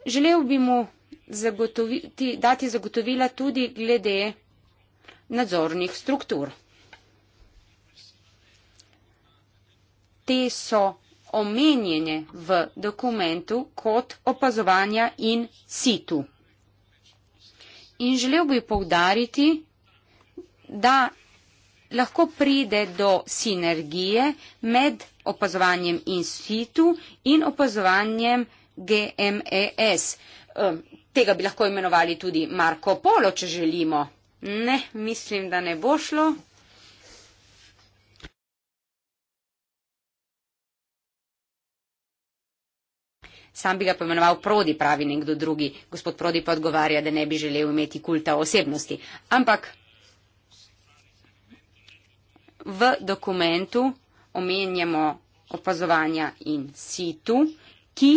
Želel bi mu zagotoviti, dati zagotovila tudi glede nadzornih struktur. Te so omenjene v dokumentu kot opazovanja in situ. In želel bi povdariti, da lahko pride do sinergije med opazovanjem in situ in opazovanjem GMES. Tega bi lahko imenovali tudi Marko Polo, če želimo. Ne, mislim, da ne bo šlo. Sam bi ga pomenoval Prodi, pravi nekdo drugi. Gospod Prodi pa odgovarja, da ne bi želel imeti kulta osebnosti. Ampak v dokumentu omenjamo opazovanja in situ, ki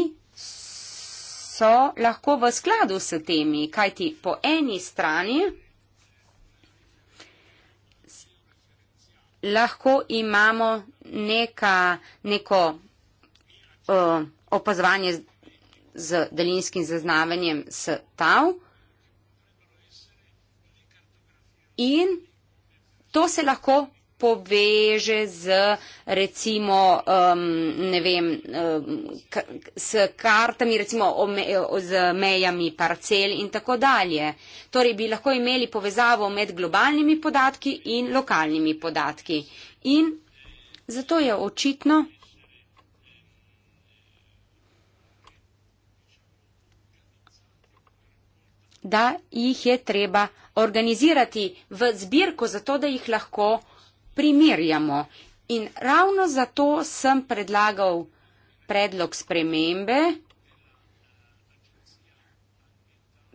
so lahko v skladu s temi, kajti po eni strani lahko imamo neka, neko uh, opazovanje z, z daljinskim zaznavanjem s tav in to se lahko poveže z recimo, um, ne vem, um, s kartami, recimo z mejami parcel in tako dalje. Torej bi lahko imeli povezavo med globalnimi podatki in lokalnimi podatki. In zato je očitno, da jih je treba organizirati v zbirko, zato da jih lahko primerjamo. In ravno zato sem predlagal predlog spremembe,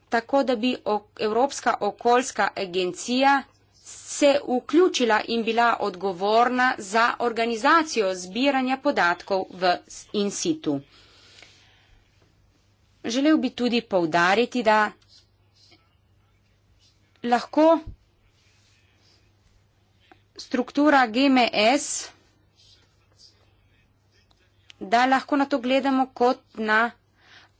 tako da bi Evropska okoljska agencija se vključila in bila odgovorna za organizacijo zbiranja podatkov v in situ. Želel bi tudi povdariti, da lahko struktura GMS, da lahko na to gledamo kot na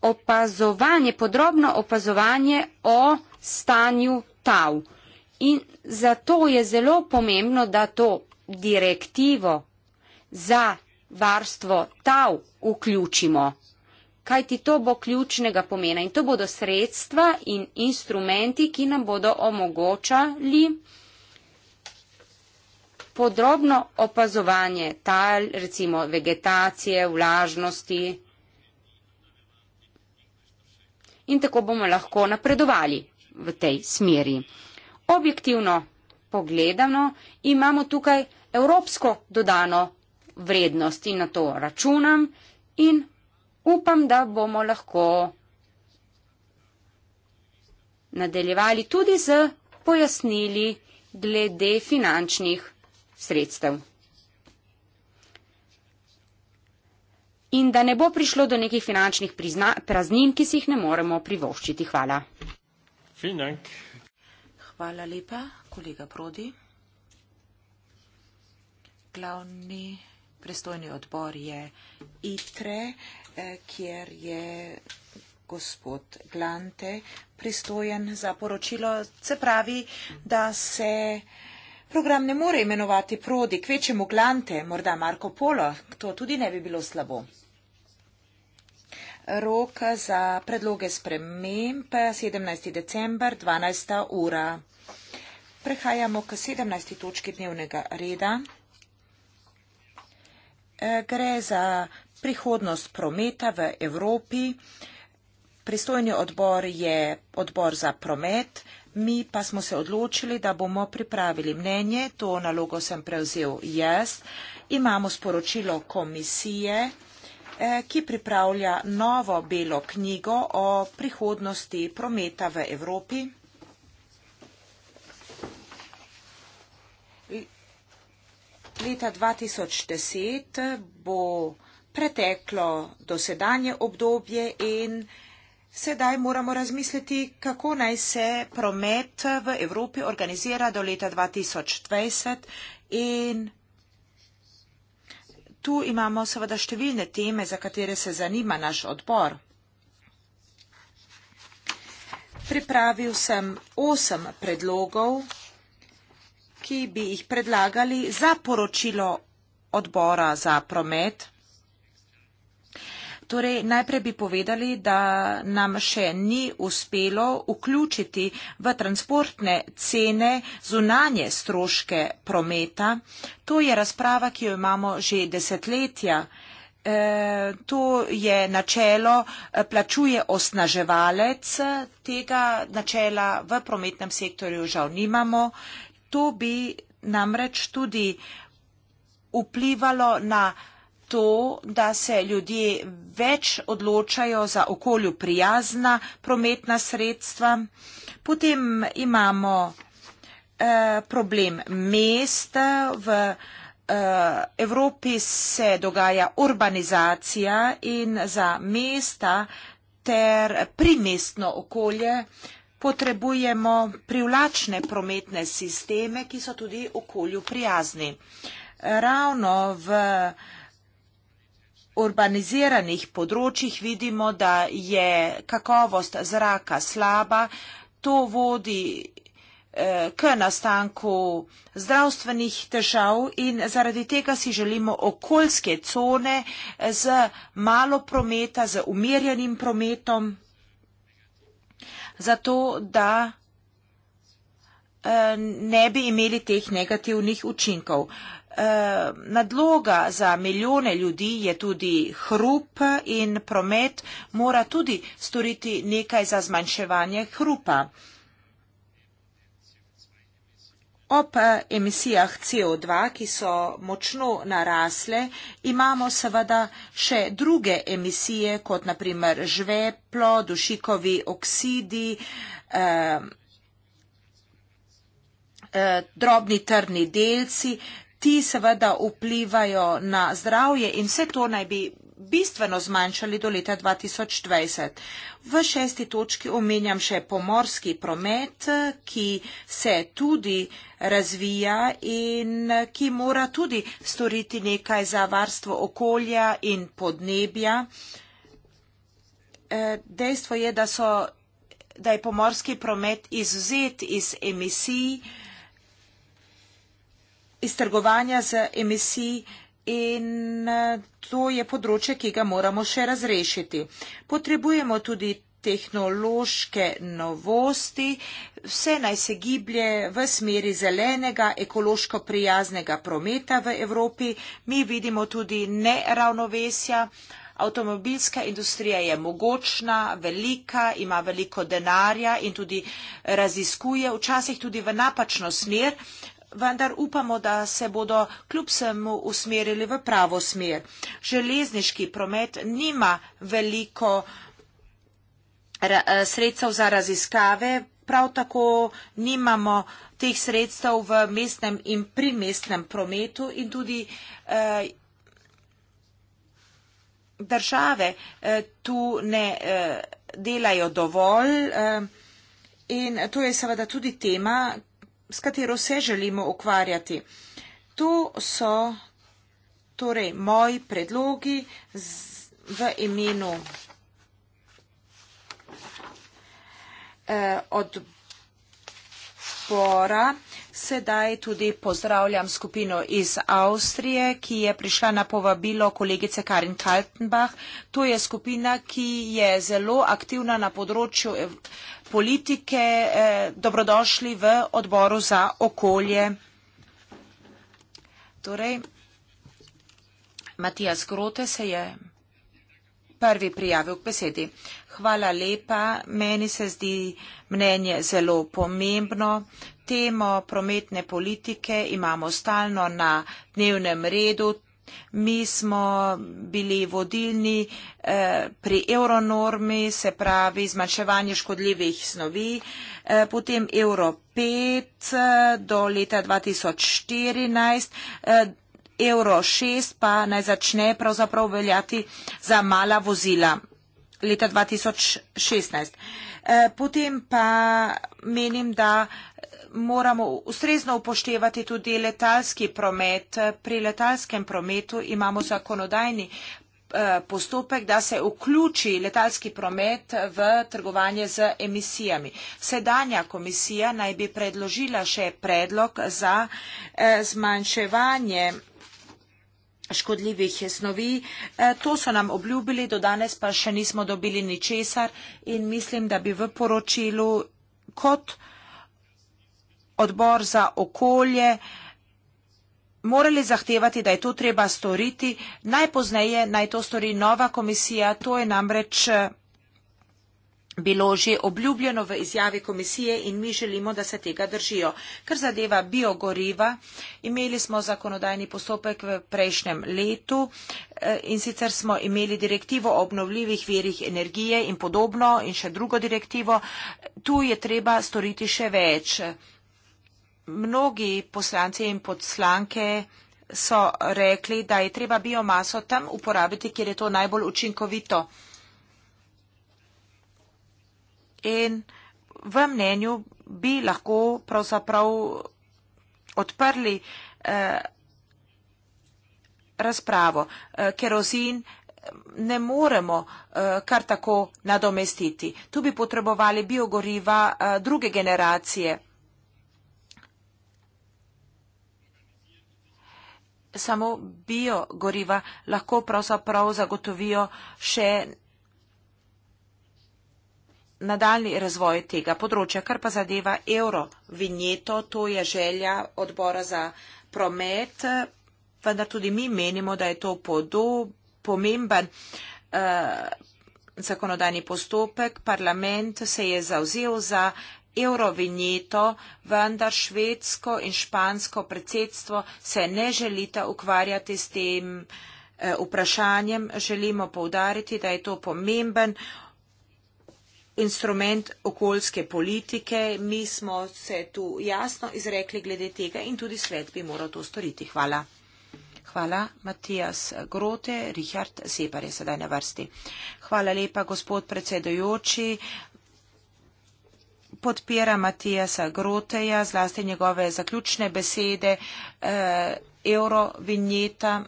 opazovanje, podrobno opazovanje o stanju tav. In zato je zelo pomembno, da to direktivo za varstvo tav vključimo, kajti to bo ključnega pomena in to bodo sredstva in instrumenti, ki nam bodo omogočali, podrobno opazovanje tal, recimo vegetacije, vlažnosti. In tako bomo lahko napredovali v tej smeri. Objektivno pogledano imamo tukaj evropsko dodano vrednost in na to računam in upam, da bomo lahko nadaljevali tudi z pojasnili glede finančnih sredstev. In da ne bo prišlo do nekih finančnih prizna, praznin, ki si jih ne moremo privoščiti. Hvala. Finank. Hvala lepa, kolega Prodi. Glavni prestojni odbor je ITRE, eh, kjer je gospod Glante pristojen za poročilo. Se pravi, da se. Program ne more imenovati Prodi, kvečemu Glante, morda Marko Polo, to tudi ne bi bilo slabo. Rok za predloge sprememb 17. december 12. ura. Prehajamo k 17. točki dnevnega reda. E, gre za prihodnost prometa v Evropi. Pristojni odbor je odbor za promet mi pa smo se odločili, da bomo pripravili mnenje, to nalogo sem prevzel jaz. Imamo sporočilo komisije, eh, ki pripravlja novo belo knjigo o prihodnosti prometa v Evropi. Leta 2010 bo preteklo dosedanje obdobje in Sedaj moramo razmisliti, kako naj se promet v Evropi organizira do leta 2020 in tu imamo seveda številne teme, za katere se zanima naš odbor. Pripravil sem osem predlogov, ki bi jih predlagali za poročilo odbora za promet 2020. Torej, najprej bi povedali, da nam še ni uspelo vključiti v transportne cene zunanje stroške prometa. To je razprava, ki jo imamo že desetletja. E, to je načelo e, plačuje osnaževalec, tega načela v prometnem sektorju žal nimamo. To bi namreč tudi vplivalo na to, da se ljudje več odločajo za okolju prijazna prometna sredstva. Potem imamo eh, problem mest. V eh, Evropi se dogaja urbanizacija in za mesta ter primestno okolje potrebujemo privlačne prometne sisteme, ki so tudi okolju prijazni. Ravno v eh, urbaniziranih področjih vidimo, da je kakovost zraka slaba. To vodi eh, k nastanku zdravstvenih težav in zaradi tega si želimo okoljske cone eh, z malo prometa, z umirjenim prometom, zato da eh, ne bi imeli teh negativnih učinkov. Eh, nadloga za milijone ljudi je tudi hrup in promet mora tudi storiti nekaj za zmanjševanje hrupa. Ob emisijah CO2, ki so močno narasle, imamo seveda še druge emisije, kot naprimer žveplo, dušikovi oksidi, eh, eh, drobni trdni delci, ti seveda vplivajo na zdravje in vse to naj bi bistveno zmanjšali do leta 2020. V šesti točki omenjam še pomorski promet, ki se tudi razvija in ki mora tudi storiti nekaj za varstvo okolja in podnebja. Eh, dejstvo je, da, so, da je pomorski promet izuzet iz emisij, iz trgovanja z emisij in eh, to je področje, ki ga moramo še razrešiti. Potrebujemo tudi tehnološke novosti, vse naj se giblje v smeri zelenega, ekološko prijaznega prometa v Evropi. Mi vidimo tudi neravnovesja. Avtomobilska industrija je mogočna, velika, ima veliko denarja in tudi raziskuje včasih tudi v napačno smer vendar upamo, da se bodo kljub vsemu usmerili v pravo smer. Železniški promet nima veliko eh, sredstev za raziskave, prav tako nimamo teh sredstev v mestnem in primestnem prometu in tudi eh, države eh, tu ne eh, delajo dovolj. Eh, in to je seveda tudi tema, s katero se želimo ukvarjati. To so torej moji predlogi z, v imenu eh, odbora. Sedaj tudi pozdravljam skupino iz Avstrije, ki je prišla na povabilo kolegice Karin Kaltenbach. To je skupina, ki je zelo aktivna na področju. Ev politike, eh, dobrodošli v odboru za okolje. Torej, Matijas Grote se je prvi prijavil k besedi. Hvala lepa, meni se zdi mnenje zelo pomembno. Temo prometne politike imamo stalno na dnevnem redu, Mi smo bili vodilni eh, pri euronormi, se pravi zmanjševanje škodljivih snovi, eh, potem euro 5 eh, do leta 2014, euro 6 pa naj začne pravzaprav veljati za mala vozila leta 2016. Potem pa menim, da moramo ustrezno upoštevati tudi letalski promet. Pri letalskem prometu imamo zakonodajni eh, postopek, da se vključi letalski promet v trgovanje z emisijami. Sedanja komisija naj bi predložila še predlog za eh, zmanjševanje škodljivih snovi. Eh, to so nam obljubili, do danes pa še nismo dobili ničesar in mislim, da bi v poročilu kot vsega odbor za okolje morali zahtevati, da je to treba storiti. Najpozneje naj to stori nova komisija, to je namreč eh, bilo že obljubljeno v izjavi komisije in mi želimo, da se tega držijo. Ker zadeva biogoriva, imeli smo zakonodajni postopek v prejšnjem letu eh, in sicer smo imeli direktivo o obnovljivih verih energije in podobno in še drugo direktivo, tu je treba storiti še več mnogi poslanci in poslanke so rekli, da je treba biomaso tam uporabiti, kjer je to najbolj učinkovito. In v mnenju bi lahko pravzaprav odprli eh, razpravo. Eh, kerozin eh, ne moremo eh, kar tako nadomestiti. Tu bi potrebovali biogoriva eh, druge generacije. samo biogoriva lahko pravzaprav zagotovijo še nadaljni razvoj tega področja. Kar pa zadeva evro vinjeto, to je želja odbora za promet, vendar tudi mi menimo, da je to pomemben eh, zakonodajni postopek. Parlament se je zauzel za eurovinjeto, vendar švedsko in špansko predsedstvo se ne želita ukvarjati s tem eh, vprašanjem. Želimo povdariti, da je to pomemben instrument okoljske politike. Mi smo se tu jasno izrekli glede tega in tudi svet bi moral to storiti. Hvala. Hvala, Matijas Grote, Richard Separ je sedaj na vrsti. Hvala lepa, gospod predsedojoči podpira Matijasa Groteja, zlasti njegove zaključne besede, eh, eurovinjeta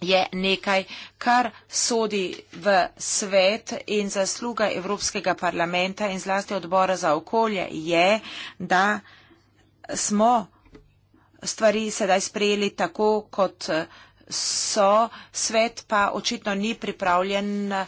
je nekaj, kar sodi v svet in zasluga Evropskega parlamenta in zlasti odbora za okolje je, da smo stvari sedaj sprejeli tako, kot so, svet pa očitno ni pripravljen uh,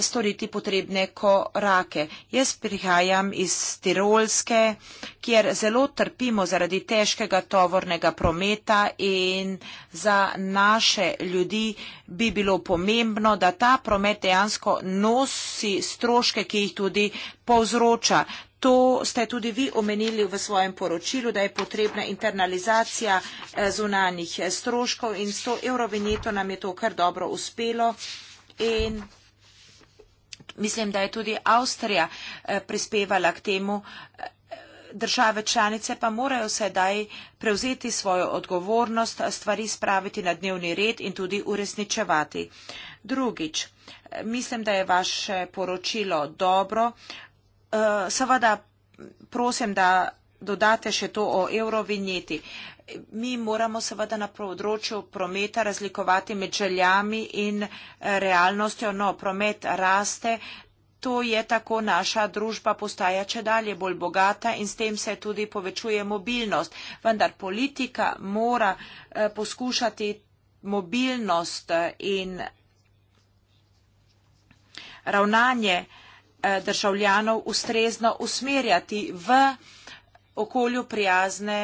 storiti potrebne korake. Jaz prihajam iz Tirolske, kjer zelo trpimo zaradi težkega tovornega prometa in za naše ljudi bi bilo pomembno, da ta promet dejansko nosi stroške, ki jih tudi povzroča. To ste tudi vi omenili v svojem poročilu, da je potrebna internalizacija eh, zunanjih eh, stroškov in s to eurovinjeto nam je to kar dobro uspelo. In mislim, da je tudi Avstrija eh, prispevala k temu. Eh, države članice pa morajo sedaj prevzeti svojo odgovornost, stvari spraviti na dnevni red in tudi uresničevati. Drugič, eh, mislim, da je vaše poročilo dobro. Seveda prosim, da dodate še to o eurovinjeti mi moramo seveda na področju prometa razlikovati med željami in eh, realnostjo. No, promet raste. To je tako, naša družba postaja če dalje bolj bogata in s tem se tudi povečuje mobilnost. Vendar politika mora eh, poskušati mobilnost eh, in ravnanje državljanov ustrezno usmerjati v okolju prijazne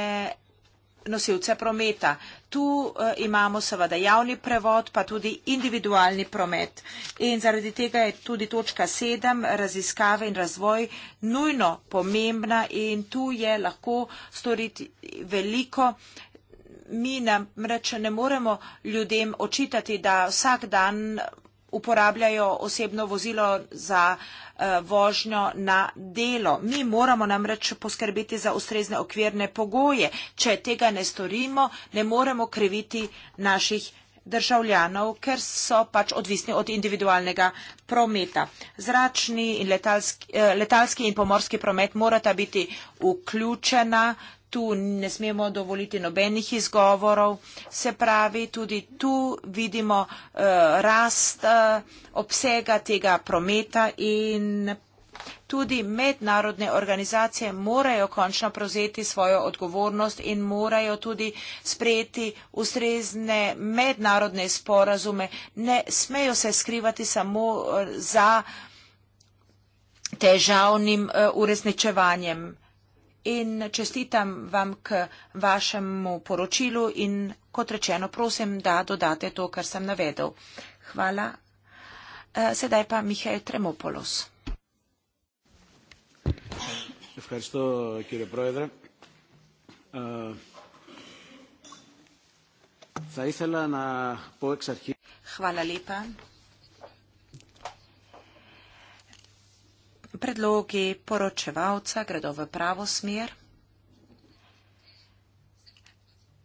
nosilce prometa. Tu eh, imamo seveda javni prevod, pa tudi individualni promet. In zaradi tega je tudi točka sedem, raziskave in razvoj, nujno pomembna in tu je lahko storiti veliko. Mi namreč ne moremo ljudem očitati, da vsak dan uporabljajo osebno vozilo za eh, vožnjo na delo. Mi moramo namreč poskrbeti za ustrezne okvirne pogoje. Če tega ne storimo, ne moremo kriviti naših državljanov, ker so pač odvisni od individualnega prometa. Zračni in letalski, eh, letalski in pomorski promet morata biti vključena, tu ne smemo dovoliti nobenih izgovorov, se pravi, tudi tu vidimo uh, rast uh, obsega tega prometa in tudi mednarodne organizacije morajo končno prevzeti svojo odgovornost in morajo tudi sprejeti ustrezne mednarodne sporazume. Ne smejo se skrivati samo uh, za težavnim uh, uresničevanjem in čestitam vam k vašemu poročilu in kot rečeno prosim, da dodate to, kar sem navedel. Hvala. Eh, sedaj pa Mihaj Tremopolos. Eskaristo, kire proedre. Uh, Zaisela na poeksarhi. Hvala lepa. predlogi poročevalca gredo v pravo smer.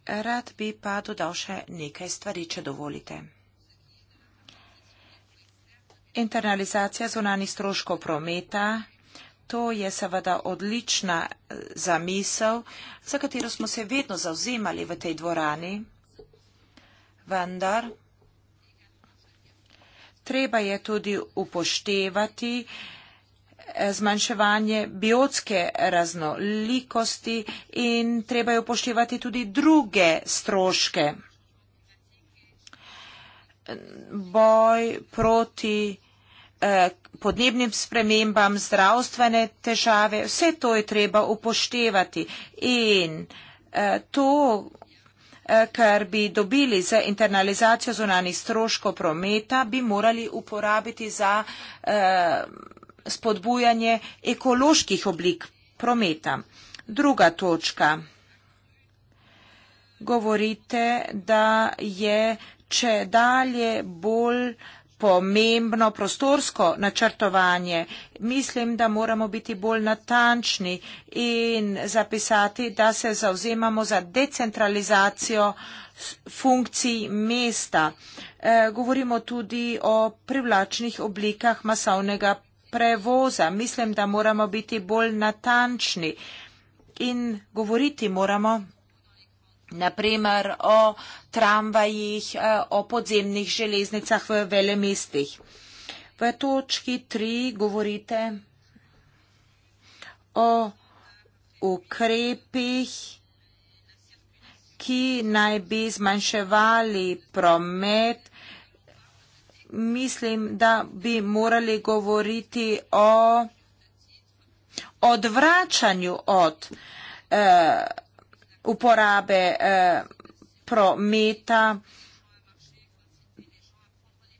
Rad bi pa dodal še nekaj stvari, če dovolite. Internalizacija zunanih stroškov prometa, to je seveda odlična eh, zamisel, za katero smo se vedno zauzemali v tej dvorani, vendar treba je tudi upoštevati, da je tudi upoštevati, zmanjševanje biotske raznolikosti in treba je upoštevati tudi druge stroške. Boj proti eh, podnebnim spremembam, zdravstvene težave, vse to je treba upoštevati in eh, to, eh, kar bi dobili za internalizacijo zunanih stroškov prometa, bi morali uporabiti za spodbujanje ekoloških oblik prometa. Druga točka. Govorite, da je če dalje bolj pomembno prostorsko načrtovanje. Mislim, da moramo biti bolj natančni in zapisati, da se zauzemamo za decentralizacijo funkcij mesta. E, govorimo tudi o privlačnih oblikah masovnega prevoza. Mislim, da moramo biti bolj natančni in govoriti moramo naprimer o tramvajih, eh, o podzemnih železnicah v velemestih. V točki 3 govorite o ukrepih, ki naj bi zmanjševali promet, mislim, da bi morali govoriti o odvračanju od eh, uporabe eh, prometa.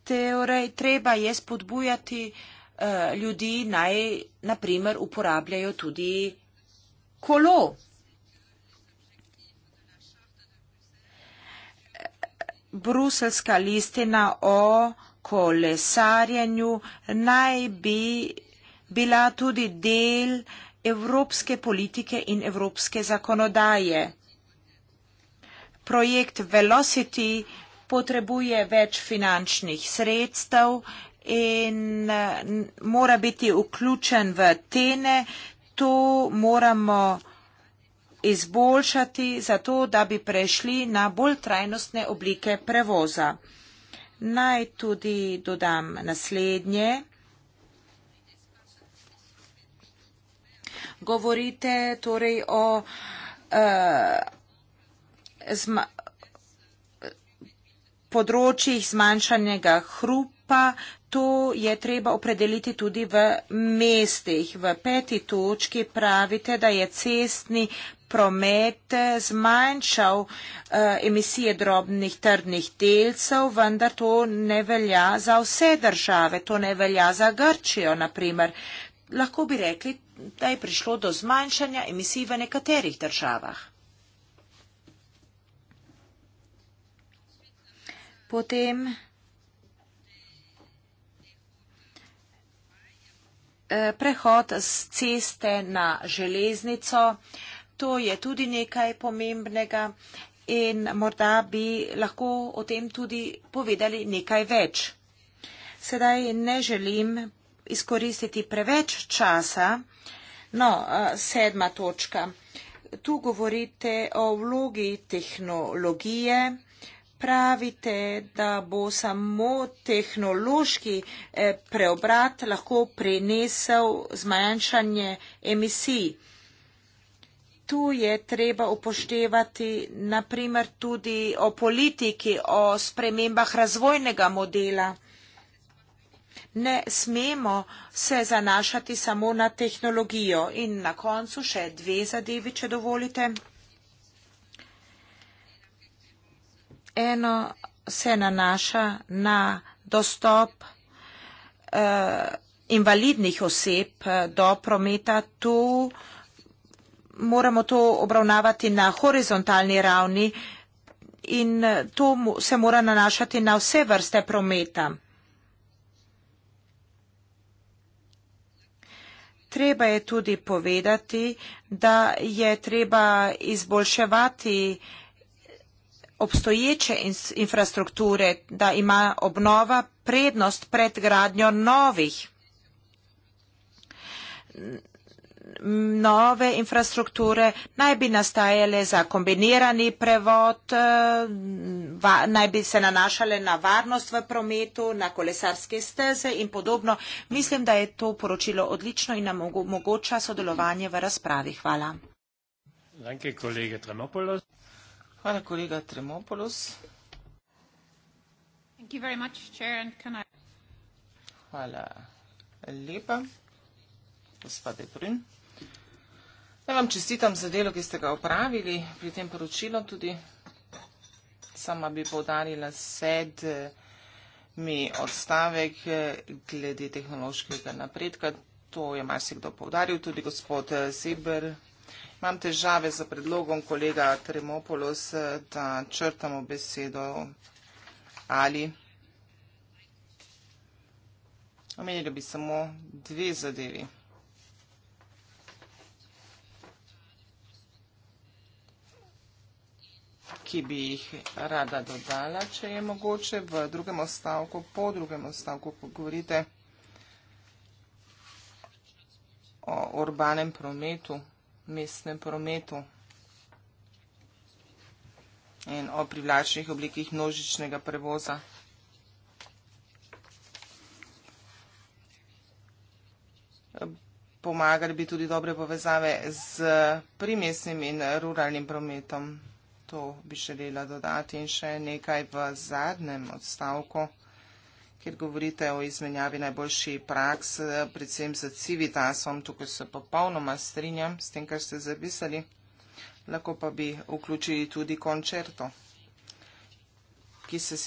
Torej, treba je spodbujati eh, ljudi, naj naprimer uporabljajo tudi kolo. Bruselska listina o kolesarjenju naj bi bila tudi del evropske politike in evropske zakonodaje. Projekt Velocity potrebuje več finančnih sredstev in mora biti vključen v tene. To moramo izboljšati, zato da bi prešli na bolj trajnostne oblike prevoza. Naj tudi dodam naslednje. Govorite torej o eh, področjih zmanjšanega hrupa, to je treba opredeliti tudi v mestih. V peti točki pravite, da je cestni promet eh, zmanjšal eh, emisije drobnih trdnih delcev, vendar to ne velja za vse države, to ne velja za Grčijo, naprimer. Lahko bi rekli, da je prišlo do zmanjšanja emisij v nekaterih državah. Potem eh, prehod z ceste na železnico. To je tudi nekaj pomembnega in morda bi lahko o tem tudi povedali nekaj več. Sedaj ne želim izkoristiti preveč časa. No, eh, sedma točka. Tu govorite o vlogi tehnologije. Pravite, da bo samo tehnološki eh, preobrat lahko prinesel zmanjšanje emisij tu je treba upoštevati naprimer tudi o politiki, o spremembah razvojnega modela. Ne smemo se zanašati samo na tehnologijo. In na koncu še dve zadevi, če dovolite. Eno se nanaša na dostop uh, invalidnih oseb eh, do prometa tu, moramo to obravnavati na horizontalni ravni in eh, to se mora nanašati na vse vrste prometa. Treba je tudi povedati, da je treba izboljševati obstoječe infrastrukture, da ima obnova prednost pred gradnjo novih nove infrastrukture naj bi nastajale za kombinirani prevod, eh, naj bi se nanašale na varnost v prometu, na kolesarske steze in podobno. Mislim, da je to poročilo odlično in nam omogoča sodelovanje v razpravi. Hvala. Danke, kolega Tremopoulos. Hvala, kolega Tremopoulos. Hvala lepa, gospod Deprin. Naj vam čestitam za delo, ki ste ga opravili pri tem poročilu tudi. Sama bi povdarila sedmi odstavek glede tehnološkega napredka. To je marsikdo povdaril, tudi gospod Seber. Imam težave za predlogom kolega Tremopolos, da črtamo besedo ali. Omenili bi samo dve zadevi. ki bi jih rada dodala, če je mogoče, v drugem ostavku, po drugem ostavku, ko govorite o urbanem prometu, mestnem prometu in o privlačnih oblikih množičnega prevoza. Pomagali bi tudi dobre povezave z primestnim in ruralnim prometom to bi želela dodati in še nekaj v zadnjem odstavku, kjer govorite o izmenjavi najboljši praks, predvsem z civitasom, tukaj se popolnoma strinjam s tem, kar ste zapisali, lahko pa bi vključili tudi končerto, ki se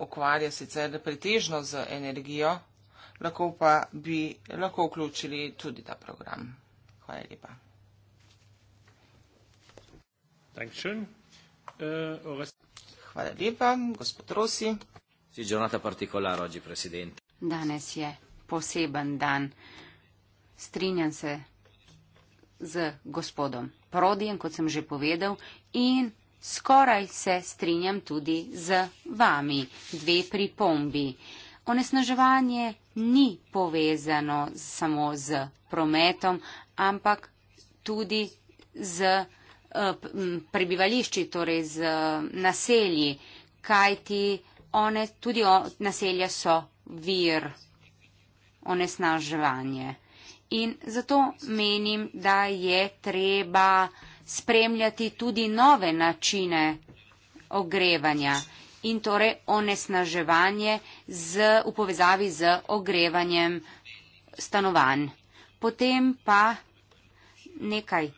okvarja sicer pretežno z energijo, lahko pa bi lahko vključili tudi ta program. Hvala lepa. Thanks, Shun. Hvala lepa, gospod Rosi. Si giornata particolare oggi, presidente. Danes je poseben dan. Strinjam se z gospodom Prodijem, kot sem že povedal, in skoraj se strinjam tudi z vami. Dve pripombi. Onesnaževanje ni povezano samo z prometom, ampak tudi z. Eh, prebivališči, torej z eh, naselji, kajti one, tudi o, naselja so vir onesnaževanje. In zato menim, da je treba spremljati tudi nove načine ogrevanja in torej onesnaževanje z, v povezavi z ogrevanjem stanovanj. Potem pa nekaj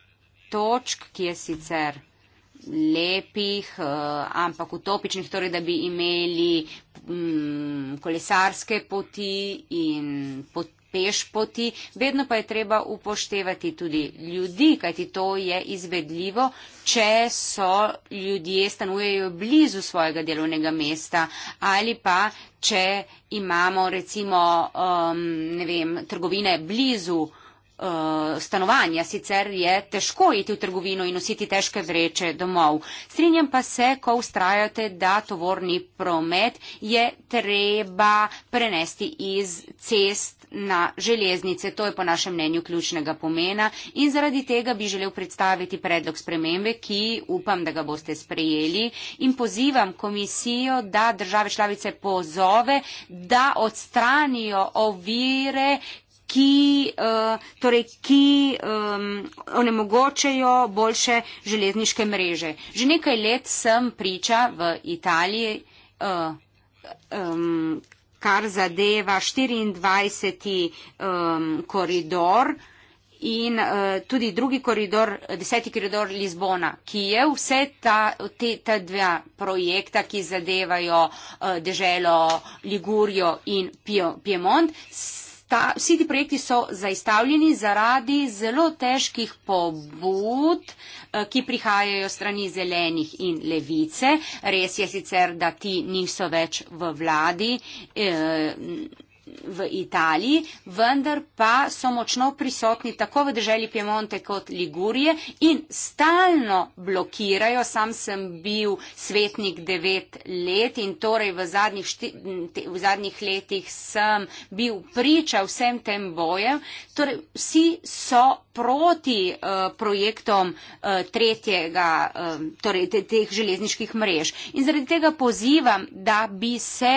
točk, ki je sicer lepih, eh, ampak utopičnih, torej da bi imeli mm, kolesarske poti in pot, peš poti, vedno pa je treba upoštevati tudi ljudi, kajti to je izvedljivo, če so ljudje stanujejo blizu svojega delovnega mesta ali pa če imamo recimo um, ne vem, trgovine blizu uh, stanovanja, sicer je težko iti v trgovino in nositi težke vreče domov. Strinjam pa se, ko ustrajate, da tovorni promet je treba prenesti iz cest na železnice. To je po našem mnenju ključnega pomena in zaradi tega bi želel predstaviti predlog spremembe, ki upam, da ga boste sprejeli in pozivam komisijo, da države članice pozove, da odstranijo ovire, ki, uh, torej, ki um, onemogočajo boljše železniške mreže. Že nekaj let sem priča v Italiji, uh, um, kar zadeva 24. Um, koridor in uh, tudi drugi koridor, deseti koridor Lizbona, ki je vse ta, te, ta dva projekta, ki zadevajo uh, deželo Ligurijo in Pio, Piemont, s, ta, vsi ti projekti so zaistavljeni zaradi zelo težkih pobud, eh, ki prihajajo strani zelenih in levice. Res je sicer, da ti niso več v vladi. Eh, v Italiji, vendar pa so močno prisotni tako v državi Piemonte kot Ligurije in stalno blokirajo. Sam sem bil svetnik devet let in torej v zadnjih, šti, v zadnjih letih sem bil priča vsem tem bojem. Torej, vsi so proti uh, projektom uh, tretjega, uh, torej te, teh železniških mrež. In zaradi tega pozivam, da bi se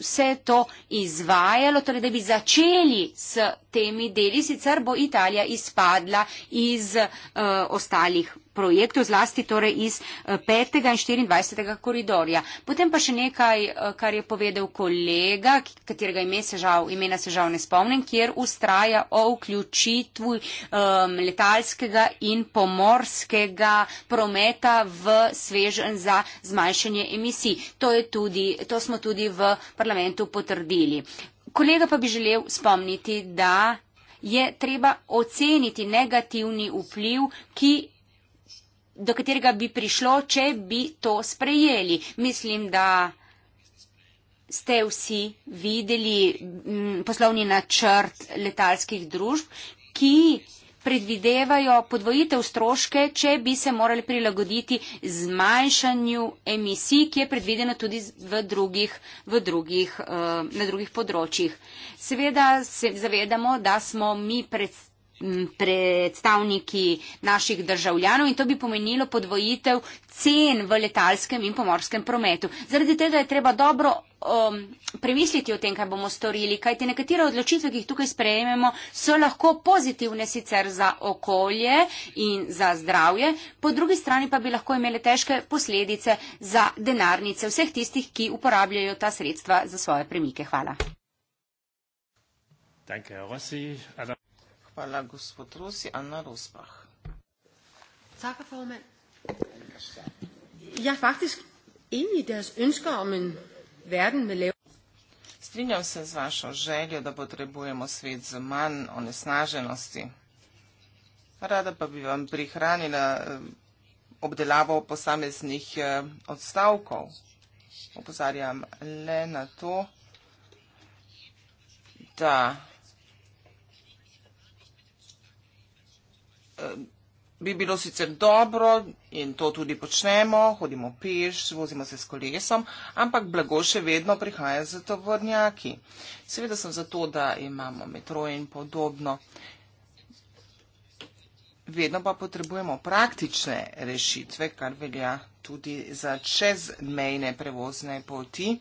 vse to izvajalo, torej da bi začeli s temi deli, sicer bo Italija izpadla iz uh, ostalih projektov, zlasti torej iz uh, eh, 5. in 24. koridorja. Potem pa še nekaj, uh, kar je povedal kolega, katerega ime se žal, imena se žal ne spomnim, kjer ustraja o vključitvi um, letalskega in pomorskega prometa v svežen za zmanjšanje emisij. To, tudi, to smo tudi v parlamentu potrdili. Kolega pa bi želel spomniti, da je treba oceniti negativni vpliv, ki do katerega bi prišlo, če bi to sprejeli. Mislim, da ste vsi videli mm, poslovni načrt letalskih družb, ki predvidevajo podvojitev stroške, če bi se morali prilagoditi zmanjšanju emisij, ki je predvideno tudi v drugih, v drugih, eh, na drugih področjih. Seveda se zavedamo, da smo mi predstavljali predstavniki naših državljanov in to bi pomenilo podvojitev cen v letalskem in pomorskem prometu. Zaradi tega je treba dobro um, premisliti o tem, kaj bomo storili, kajti nekatere odločitve, ki jih tukaj sprejememo, so lahko pozitivne sicer za okolje in za zdravje, po drugi strani pa bi lahko imele težke posledice za denarnice vseh tistih, ki uporabljajo ta sredstva za svoje premike. Hvala. Danke, Rossi. Hvala, gospod Rusi. Anna Rusbach. Takk, formann. Jeg er faktisk enig i deres ønsker om en verden med lav... Strinjam se z vašo željo, da potrebujemo svet z manj onesnaženosti. Rada pa bi vam prihranila eh, obdelavo posameznih eh, odstavkov. Opozarjam le na to, da Eh, bi bilo sicer dobro in to tudi počnemo, hodimo peš, vozimo se s kolesom, ampak blago še vedno prihaja z tovornjaki. Seveda sem zato, da imamo metro in podobno. Vedno pa potrebujemo praktične rešitve, kar velja tudi za čezmejne prevozne poti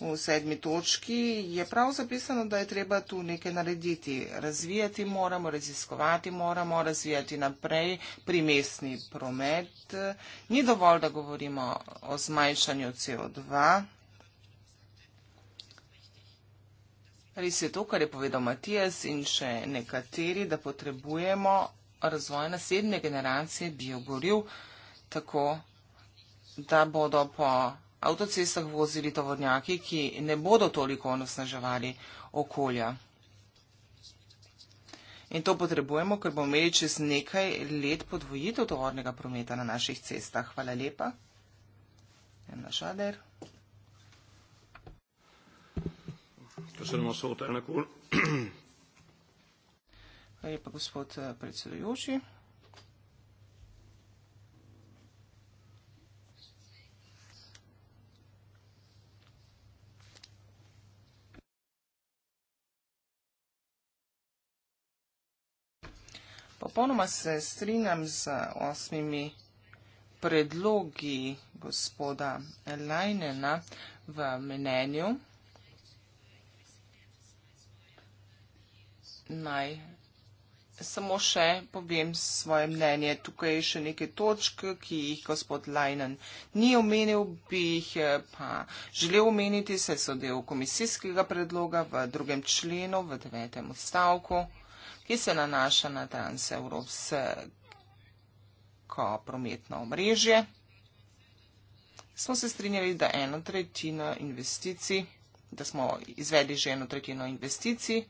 v sedmi točki je prav zapisano, da je treba tu nekaj narediti. Razvijati moramo, raziskovati moramo, razvijati naprej primestni promet. Ni dovolj, da govorimo o zmanjšanju CO2. Res je to, kar je povedal Matijas in še nekateri, da potrebujemo razvoj naslednje generacije biogoriv, tako da bodo po avtocestah vozili tovornjaki, ki ne bodo toliko onosnaževali okolja. In to potrebujemo, ker bomo imeli čez nekaj let podvojitev tovornega prometa na naših cestah. Hvala lepa. Ena šader. Hvala lepa, gospod eh, predsedujoči. Popolnoma se strinjam z osmimi predlogi gospoda Lajnena v menenju. Naj samo še povem svoje mnenje. Tukaj je še nekaj točk, ki jih gospod Lajnen ni omenil, bi jih eh, pa želel omeniti, se so del komisijskega predloga v drugem členu, v devetem odstavku ki se nanaša na transevropsko prometno omrežje. Smo se strinjali, da eno tretjino investicij, da smo izvedli že eno tretjino investicij.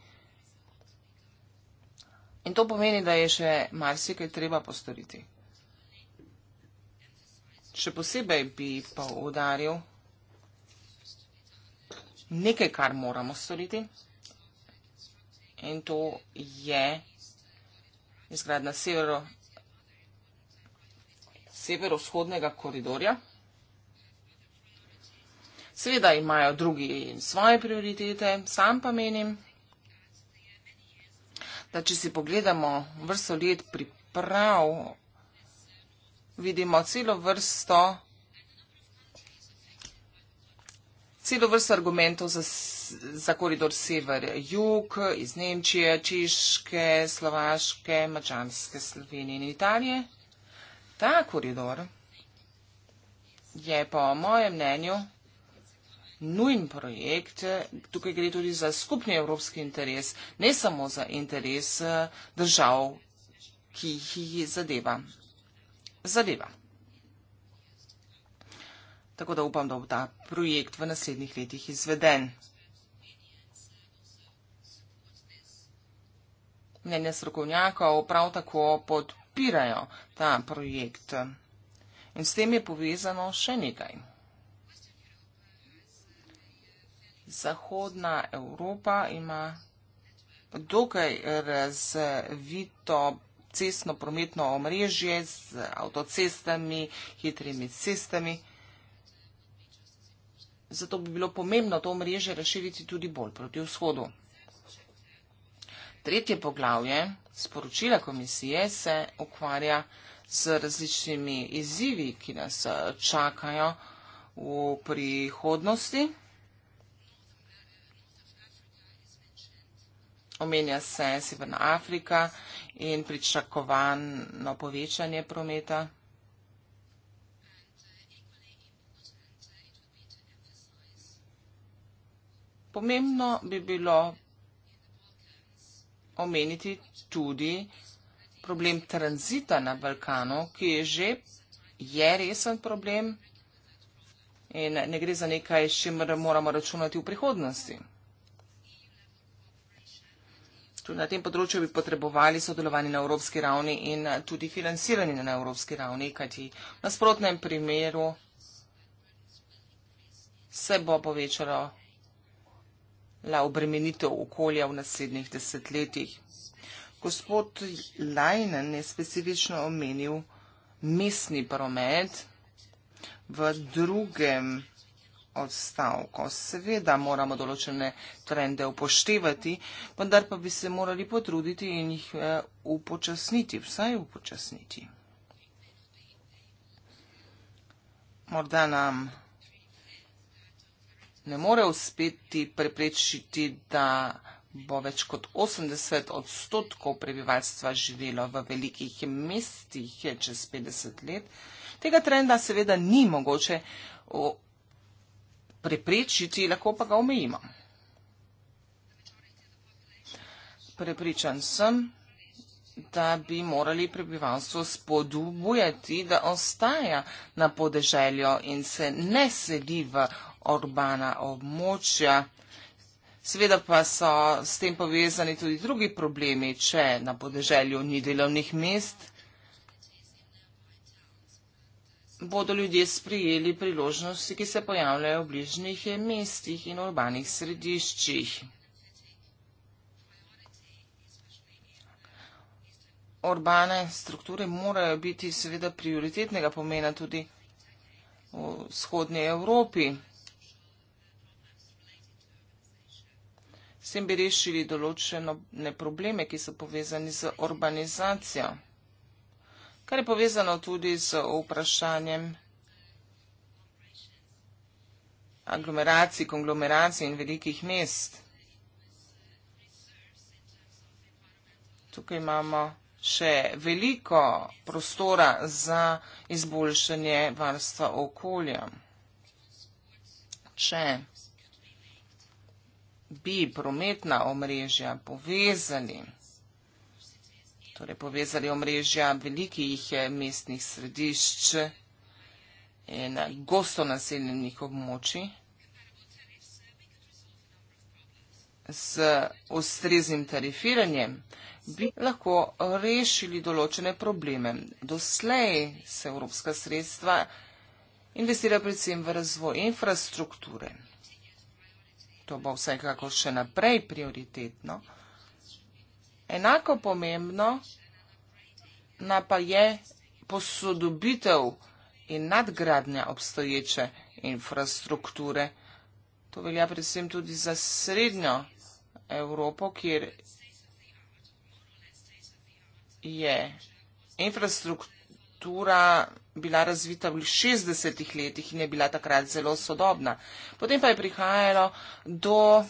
In to pomeni, da je še marsikaj treba postoriti. Še posebej bi pa udaril nekaj, kar moramo storiti in to je izgradna severo, severovzhodnega koridorja. Seveda imajo drugi svoje prioritete, sam pa menim, da če si pogledamo vrsto let priprav, vidimo celo vrsto celo vrsto argumentov za, za koridor sever-jug iz Nemčije, Češke, Slovaške, Mačanske, Slovenije in Italije. Ta koridor je po mojem mnenju nujen projekt. Tukaj gre tudi za skupni evropski interes, ne samo za interes eh, držav, ki jih zadeva. Zadeva tako da upam, da bo ta projekt v naslednjih letih izveden. Mnenje strokovnjakov prav tako podpirajo ta projekt. In s tem je povezano še nekaj. Zahodna Evropa ima dokaj razvito cestno prometno omrežje z avtocestami, hitrimi cestami. Zato bi bilo pomembno to mreže razširiti tudi bolj proti vzhodu. Tretje poglavje sporočila komisije se ukvarja z različnimi izzivi, ki nas eh, čakajo v prihodnosti. Omenja se Severna Afrika in pričakovano povečanje prometa. Pomembno bi bilo omeniti tudi problem tranzita na Balkanu, ki je že je resen problem in ne gre za nekaj, s čimer moramo računati v prihodnosti. Tudi na tem področju bi potrebovali sodelovanje na evropski ravni in tudi financiranje na evropski ravni, kajti v nasprotnem primeru se bo povečalo la obremenitev okolja v naslednjih desetletjih. Gospod Lajnen je specifično omenil mestni promet v drugem odstavku. Seveda moramo določene trende upoštevati, vendar pa bi se morali potruditi in jih eh, upočasniti, vsaj upočasniti. Morda nam ne more uspeti preprečiti, da bo več kot 80 odstotkov prebivalstva živelo v velikih mestih čez 50 let. Tega trenda seveda ni mogoče preprečiti, lahko pa ga omejimo. Prepričan sem, da bi morali prebivalstvo spodbujati, da ostaja na podeželju in se ne sedi v urbana območja. Seveda pa so s tem povezani tudi drugi problemi, če na podeželju ni delovnih mest, bodo ljudje sprijeli priložnosti, ki se pojavljajo v bližnjih mestih in urbanih središčih. Urbane strukture morajo biti seveda prioritetnega pomena tudi v shodnje Evropi. s tem bi rešili določene probleme, ki so povezani z urbanizacijo, kar je povezano tudi z vprašanjem aglomeracij, konglomeracij in velikih mest. Tukaj imamo še veliko prostora za izboljšanje varstva okolja. Če bi prometna omrežja povezali, torej povezali omrežja velikih eh, mestnih središč in gosto naseljenih območij z ustreznim tarifiranjem, bi lahko rešili določene probleme. Doslej se evropska sredstva investirajo predvsem v razvoj infrastrukture. To bo vsekako še naprej prioritetno. Enako pomembno na pa je posodobitev in nadgradnja obstoječe infrastrukture. To velja predvsem tudi za srednjo Evropo, kjer je infrastruktura bila razvita v 60-ih letih in je bila takrat zelo sodobna. Potem pa je prihajalo do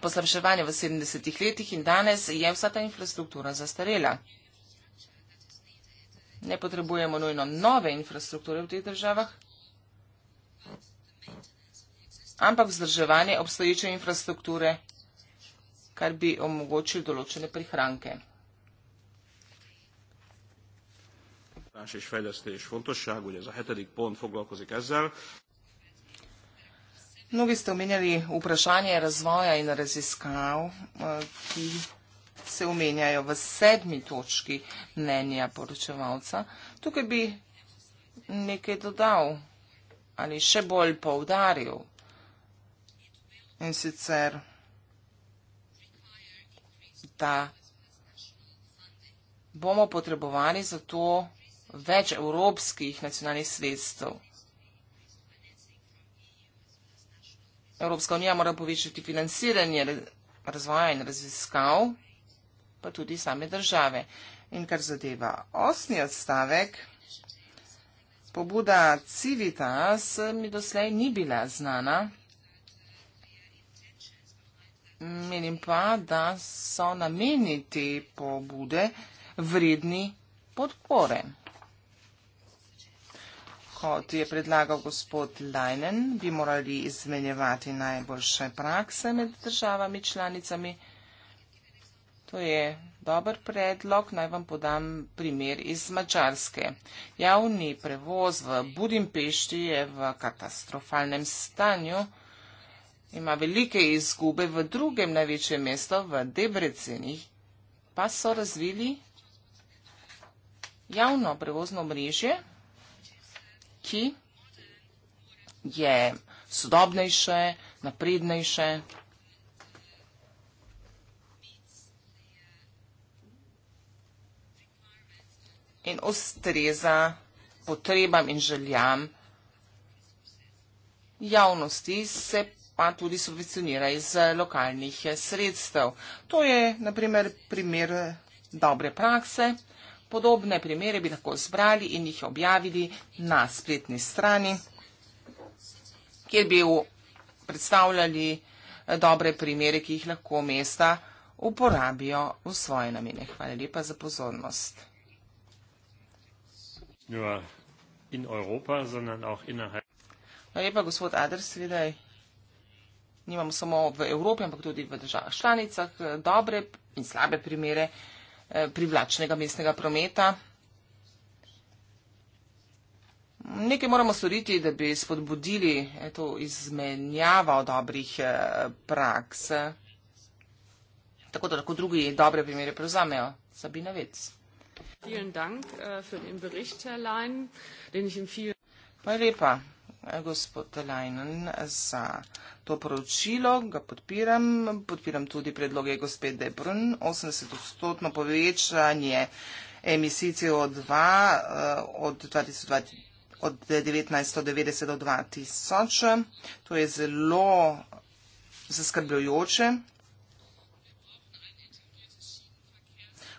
poslabševanja v 70-ih letih in danes je vsa ta infrastruktura zastarela. Ne potrebujemo nujno nove infrastrukture v teh državah, ampak vzdrževanje obstoječe infrastrukture, kar bi omogočil določene prihranke. kutatás és fejlesztés fontosság, ugye ez a hetedik pont foglalkozik ezzel. Mnogi ste omenjali vprašanje razvoja in raziskav, eh, ki se omenjajo v sedmi točki mnenja poročevalca. Tukaj bi nekaj dodal ali še bolj poudaril in sicer, da bomo potrebovali za to, več evropskih nacionalnih sredstev. Evropska unija mora povečati financiranje razvoja in raziskav, pa tudi same države. In kar zadeva osni odstavek, pobuda Civitas mi doslej ni bila znana. Menim pa, da so nameniti pobude vredni podpore kot je predlagal gospod Leinen, bi morali izmenjevati najboljše prakse med državami članicami. To je dober predlog, naj vam podam primer iz Mačarske. Javni prevoz v Budimpešti je v katastrofalnem stanju, ima velike izgube v drugem največjem mestu, v Debreceni, pa so razvili javno prevozno mrežje ki je sodobnejše, naprednejše. In ustreza potrebam in željam javnosti, se pa tudi subvencionira iz eh, lokalnih eh, sredstev. To je, na primer, primer dobre prakse. Podobne primere bi lahko zbrali in jih objavili na spletni strani, kjer bi predstavljali eh, dobre primere, ki jih lahko mesta uporabijo v svoje namene. Hvala lepa za pozornost. Hvala lepa, gospod Adr, seveda nimamo samo v Evropi, ampak tudi v državah članicah eh, dobre in slabe primere. Eh, privlačnega mestnega prometa. Nekaj moramo storiti, da bi spodbudili eh, to izmenjavo dobrih eh, praks, tako da lahko drugi dobre primere prevzamejo. Sabina Vec. Hvala lepa gospod Leinen za to poročilo, ga podpiram, podpiram tudi predloge gospe Debrun, 80 odstotno povečanje emisij CO2 eh, od, 2020, od 1990 do 2000, to je zelo zaskrbljujoče.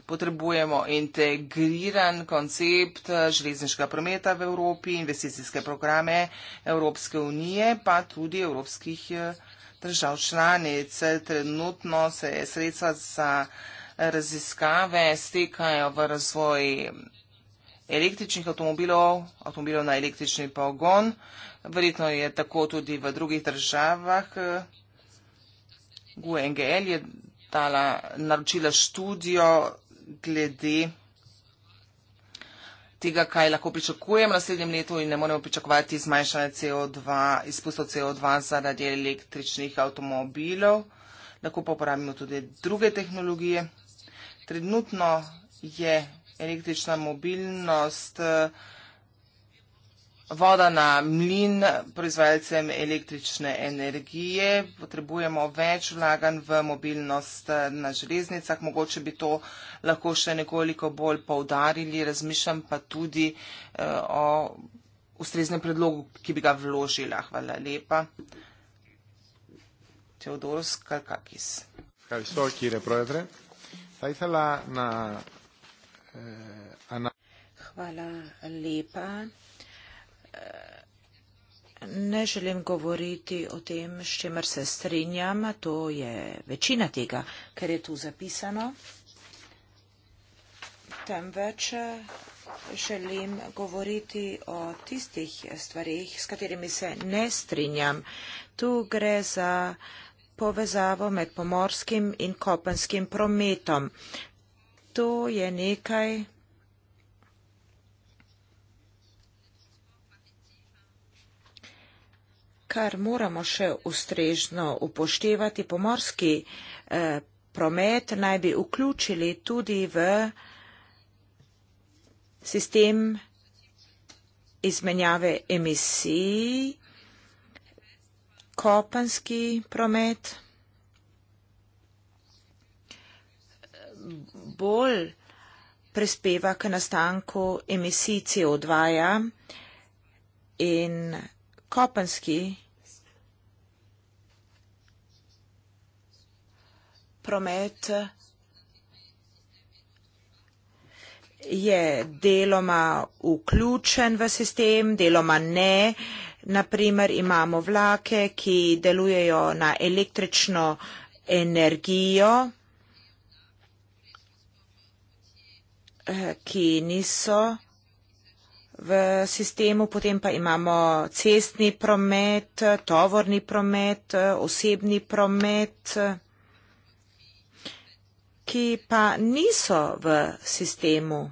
potrebujemo integriran koncept eh, železniškega prometa v Evropi, investicijske programe Evropske unije, pa tudi evropskih eh, držav članic. Trenutno se sredstva za raziskave stekajo v razvoj električnih avtomobilov, avtomobilov na električni pogon. Verjetno je tako tudi v drugih državah. GUNGL je dala, naročila študijo glede tega, kaj lahko pričakujem v naslednjem letu in ne moremo pričakovati zmanjšanja CO2, izpustov CO2 zaradi električnih avtomobilov. Lahko pa uporabimo tudi druge tehnologije. Trenutno je električna mobilnost uh, voda na mlin proizvajalcem električne energije, potrebujemo več vlagan v mobilnost na železnicah, mogoče bi to lahko še nekoliko bolj povdarili, razmišljam pa tudi eh, o ustreznem predlogu, ki bi ga vložila. Hvala lepa. Teodoros Kalkakis. Eh, Hvala lepa ne želim govoriti o tem, s čemer se strinjam, to je večina tega, kar je tu zapisano, temveč eh, želim govoriti o tistih stvarih, s katerimi se ne strinjam. Tu gre za povezavo med pomorskim in kopenskim prometom. To je nekaj, kar je nekaj, kar moramo še ustrežno upoštevati, pomorski eh, promet naj bi vključili tudi v sistem izmenjave emisij, kopenski promet. bolj prispeva k nastanku emisij CO2 in kopenski promet je deloma vključen v sistem, deloma ne. Naprimer imamo vlake, ki delujejo na električno energijo, eh, ki niso v sistemu, potem pa imamo cestni promet, tovorni promet, osebni promet ki pa niso v sistemu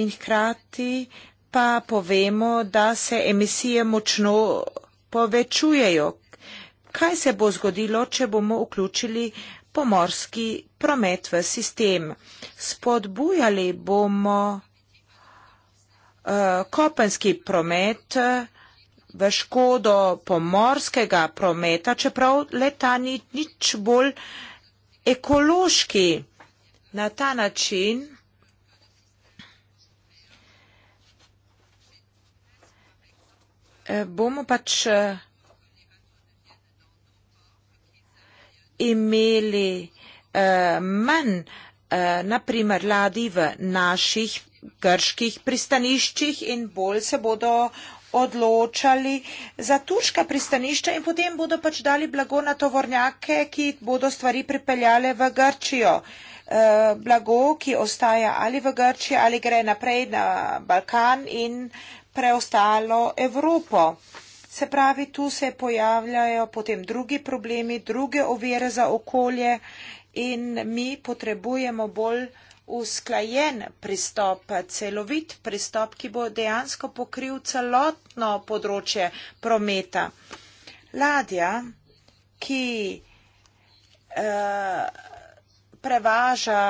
in hkrati pa povemo, da se emisije močno povečujejo. Kaj se bo zgodilo, če bomo vključili pomorski promet v sistem? Spodbujali bomo uh, kopenski promet, uh, v škodo pomorskega prometa, čeprav leta ni nič bolj ekološki. Na ta način bomo pač eh, imeli eh, manj eh, naprimer ladi v naših grških pristaniščih in bolj se bodo odločali za turška pristanišča in potem bodo pač dali blago na tovornjake, ki bodo stvari pripeljale v Grčijo. Eh, blago, ki ostaja ali v Grčiji ali gre naprej na Balkan in preostalo Evropo. Se pravi, tu se pojavljajo potem drugi problemi, druge ovire za okolje in mi potrebujemo bolj usklajen pristop, celovit pristop, ki bo dejansko pokril celotno področje prometa. Ladja, ki eh, prevaža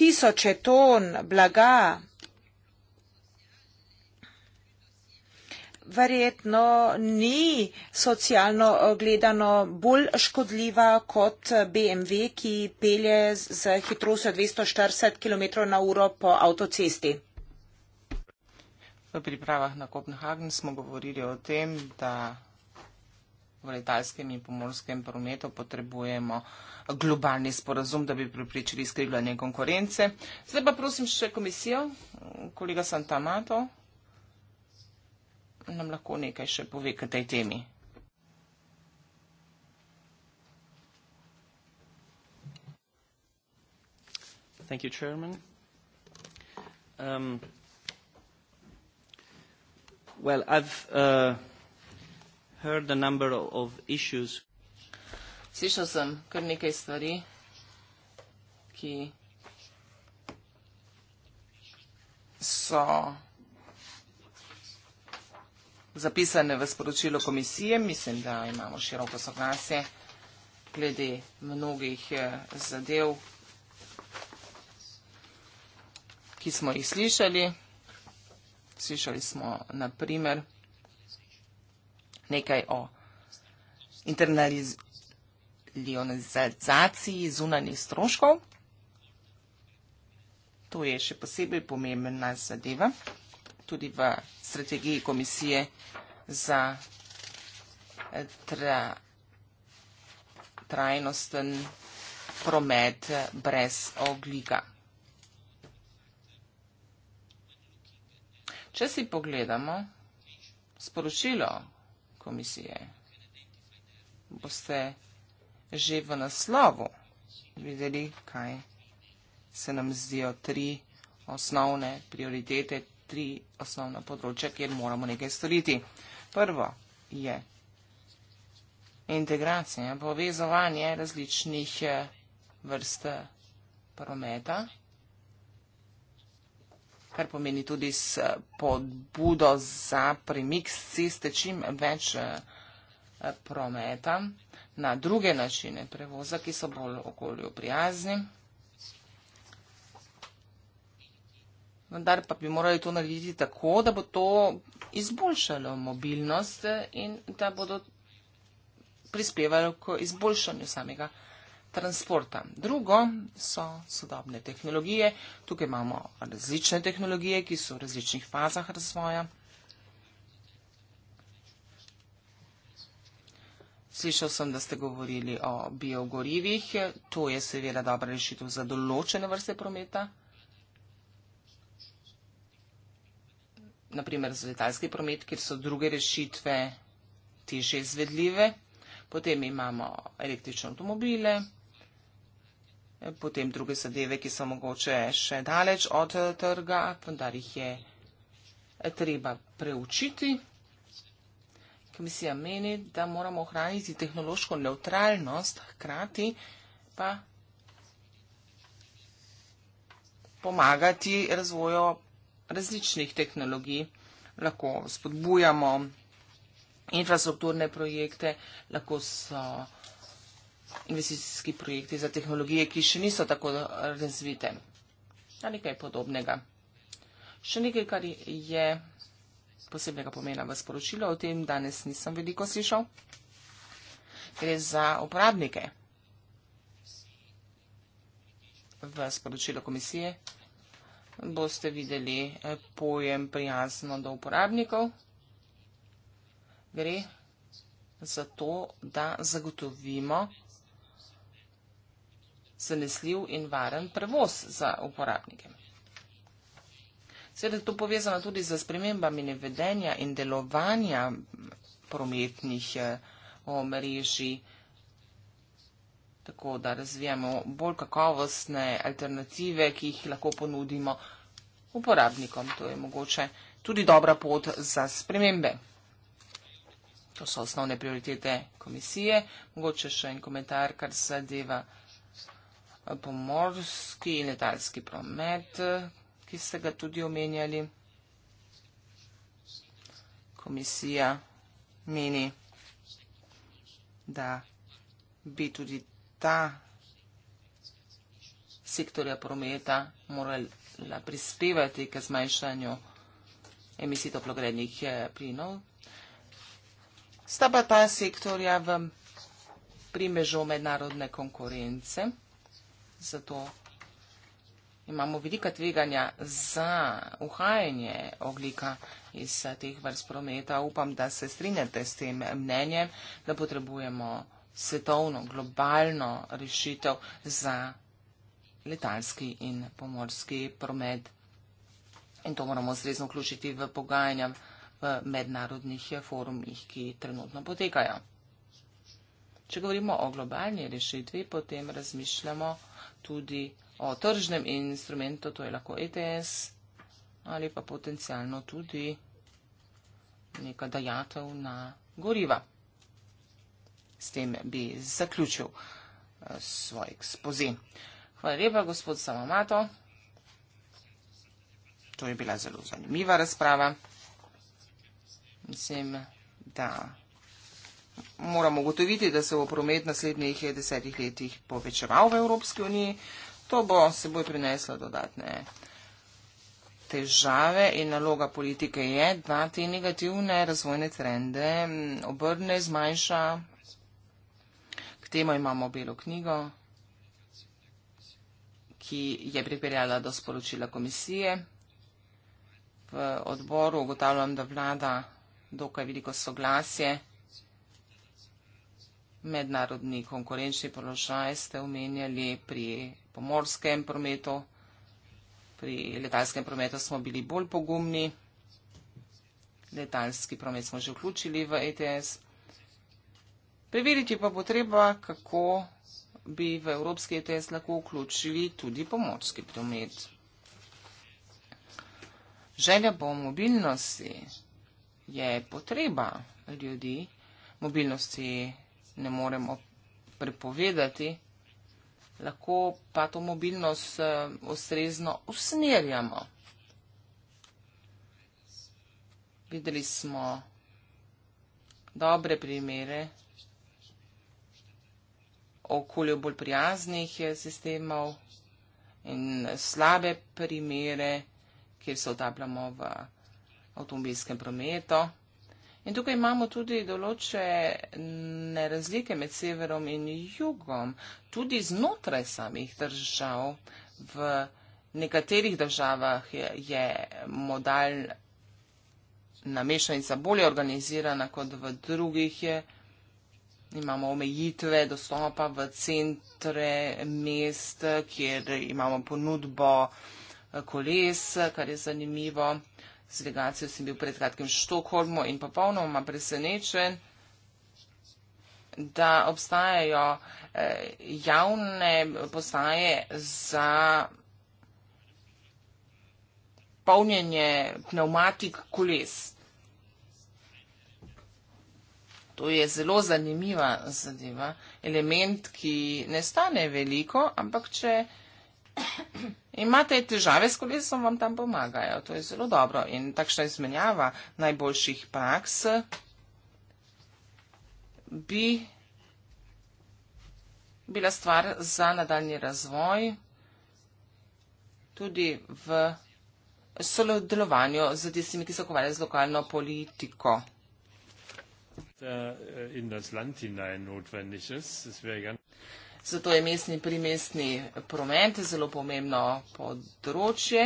tisoče ton blaga, verjetno ni socialno gledano bolj škodljiva kot BMW, ki pelje z hitrostjo 240 km na uro po avtocesti. V pripravah na Kopenhagen smo govorili o tem, da v letalskem in pomorskem prometu potrebujemo globalni sporazum, da bi pripričali skrivljanje konkurence. Zdaj pa prosim še komisijo, kolega Santamato nam lahko nekaj še pove k tej temi. Thank you, Chairman. Um, well, I've uh, heard a number of issues. Slišal sem kar nekaj stvari, ki so zapisane v sporočilo komisije. Mislim, da imamo široko soglasje glede mnogih eh, zadev, ki smo jih slišali. Slišali smo naprimer nekaj o internalizaciji zunanih stroškov. To je še posebej pomembna zadeva tudi v strategiji komisije za eh, tra, trajnosten promet brez ogljika. Če si pogledamo sporočilo komisije, boste že v naslovu videli, kaj se nam zdijo tri osnovne prioritete tri osnovna področja, kjer moramo nekaj storiti. Prvo je integracija, povezovanje različnih eh, vrst eh, prometa, kar pomeni tudi s eh, podbudo za premik s ceste čim več prometa na druge načine prevoza, ki so bolj okolju prijazni. vendar pa bi morali to narediti tako, da bo to izboljšalo mobilnost in da bodo prispevali k izboljšanju samega transporta. Drugo so sodobne tehnologije. Tukaj imamo različne tehnologije, ki so v različnih fazah razvoja. Slišal sem, da ste govorili o biogorivih. To je seveda dobra rešitev za določene vrste prometa. naprimer za letalski promet, kjer so druge rešitve težje izvedljive. Potem imamo električne avtomobile, potem druge zadeve, ki so mogoče še daleč od eh, trga, vendar jih je eh, treba preučiti. Komisija meni, da moramo ohraniti tehnološko neutralnost, hkrati pa pomagati razvoju različnih tehnologij, lahko spodbujamo infrastrukturne projekte, lahko so investicijski projekti za tehnologije, ki še niso tako razvite ali kaj podobnega. Še nekaj, kar je posebnega pomena v sporočilu, o tem danes nisem veliko slišal. Gre za uporabnike v sporočilu komisije boste videli eh, pojem prijazno do uporabnikov. Gre za to, da zagotovimo zanesljiv in varen prevoz za uporabnike. Seveda je to povezano tudi z spremembami nevedenja in delovanja prometnih eh, omrežij. Eh, tako da razvijamo bolj kakovostne alternative, ki jih lahko ponudimo uporabnikom. To je mogoče tudi dobra pot za spremembe. To so osnovne prioritete komisije. Mogoče še en komentar, kar zadeva pomorski in letalski promet, ki ste ga tudi omenjali. Komisija meni, da bi tudi ta sektorja prometa morala prispevati k zmanjšanju emisij toplogrednih eh, plinov. Sta pa ta sektorja v primežu mednarodne konkurence, zato imamo velika tveganja za uhajanje oglika iz eh, teh vrst prometa. Upam, da se strinjate s tem mnenjem, da potrebujemo svetovno, globalno rešitev za letalski in pomorski promet. In to moramo zrezno vključiti v pogajanja v mednarodnih forumih, ki trenutno potekajo. Če govorimo o globalni rešitvi, potem razmišljamo tudi o tržnem instrumentu, to je lahko ETS ali pa potencialno tudi neka dajatev na goriva. S tem bi zaključil eh, svoj ekspozi. Hvala lepa, gospod Samomato. To je bila zelo zanimiva razprava. Mislim, da moramo ugotoviti, da se bo promet naslednjih desetih letih povečeval v Evropski uniji. To bo seboj prineslo dodatne težave in naloga politike je, da te negativne razvojne trende obrne, zmanjša, temu imamo belo knjigo, ki je pripeljala do sporočila komisije. V odboru ugotavljam, da vlada dokaj veliko soglasje. Mednarodni konkurenčni položaj ste omenjali pri pomorskem prometu, pri letalskem prometu smo bili bolj pogumni. Letalski promet smo že vključili v ETS. Preveriti pa bo treba, kako bi v Evropski ETS lahko vključili tudi pomorski promet. Želja po mobilnosti je potreba ljudi, mobilnosti ne moremo prepovedati, lahko pa to mobilnost eh, ustrezno usmerjamo. Videli smo dobre primere okolju bolj prijaznih eh, sistemov in slabe primere, kjer se otapljamo v avtomobilskem prometu. In tukaj imamo tudi določene razlike med severom in jugom, tudi znotraj samih držav. V nekaterih državah je, je modal namešan in za bolje organizirana kot v drugih. Je, imamo omejitve dostopa v centre mest, kjer imamo ponudbo eh, koles, kar je zanimivo. Z delegacijo sem bil pred kratkim v Štokholmu in popolnoma presenečen, da obstajajo eh, javne postaje za polnjenje pneumatik koles. To je zelo zanimiva zadeva, element, ki ne stane veliko, ampak če <clears throat> imate težave s kolesom, vam tam pomagajo. To je zelo dobro in takšna izmenjava najboljših praks bi bila stvar za nadaljni razvoj tudi v sodelovanju z tistimi, ki se ukvarjajo z lokalno politiko. Äh, in das Land hinein notwendig ist. Das wäre ganz Zato je mestni primestni promet zelo pomembno področje.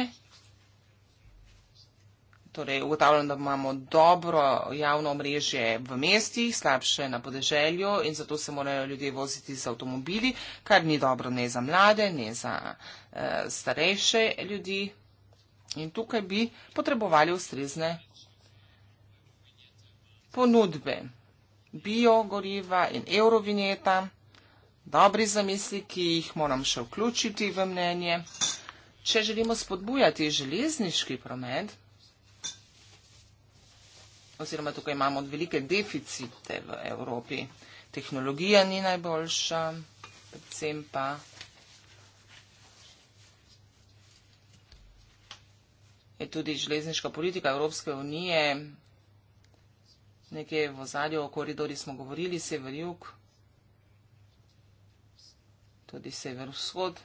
Torej, ugotavljam, da imamo dobro javno omrežje v mestih, slabše na podeželju in zato se morajo ljudje voziti z avtomobili, kar ni dobro ne za mlade, ne za eh, starejše ljudi. In tukaj bi potrebovali ustrezne ponudbe biogoriva in eurovinjeta, dobri zamisli, ki jih moram še vključiti v mnenje. Če želimo spodbujati železniški promet, oziroma tukaj imamo velike deficite v Evropi, tehnologija ni najboljša, predvsem pa. Je tudi železniška politika Evropske unije nekje v ozadju, o koridorju smo govorili, sever-jug, tudi sever-vzhod.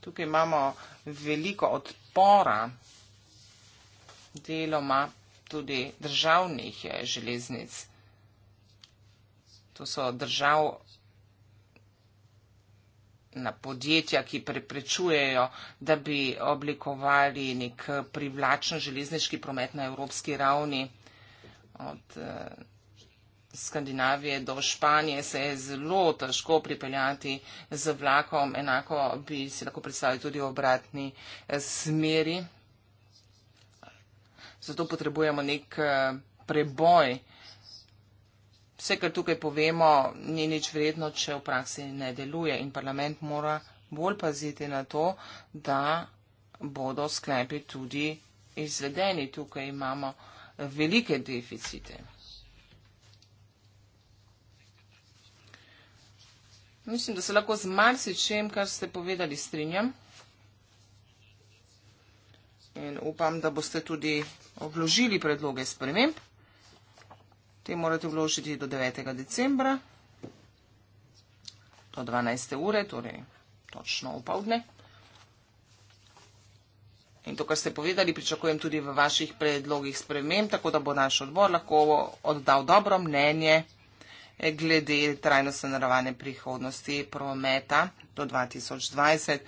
Tukaj imamo veliko odpora deloma tudi državnih eh, železnic. To so državna podjetja, ki preprečujejo, da bi oblikovali nek privlačen železniški promet na evropski ravni od uh, Skandinavije do Španije se je zelo težko pripeljati z vlakom, enako bi si lahko predstavljali tudi v obratni eh, smeri. Zato potrebujemo nek uh, preboj. Vse, kar tukaj povemo, ni nič vredno, če v praksi ne deluje in parlament mora bolj paziti na to, da bodo sklepi tudi izvedeni. Tukaj imamo uh, velike deficite. Mislim, da se lahko z marsičem, kar ste povedali, strinjam. In upam, da boste tudi obložili predloge sprememb. Te morate vložiti do 9. decembra, do 12. ure, torej točno v povdne. In to, kar ste povedali, pričakujem tudi v vaših predlogih sprememb, tako da bo naš odbor lahko oddal dobro mnenje eh, glede trajnostne naravane prihodnosti prometa do 2020.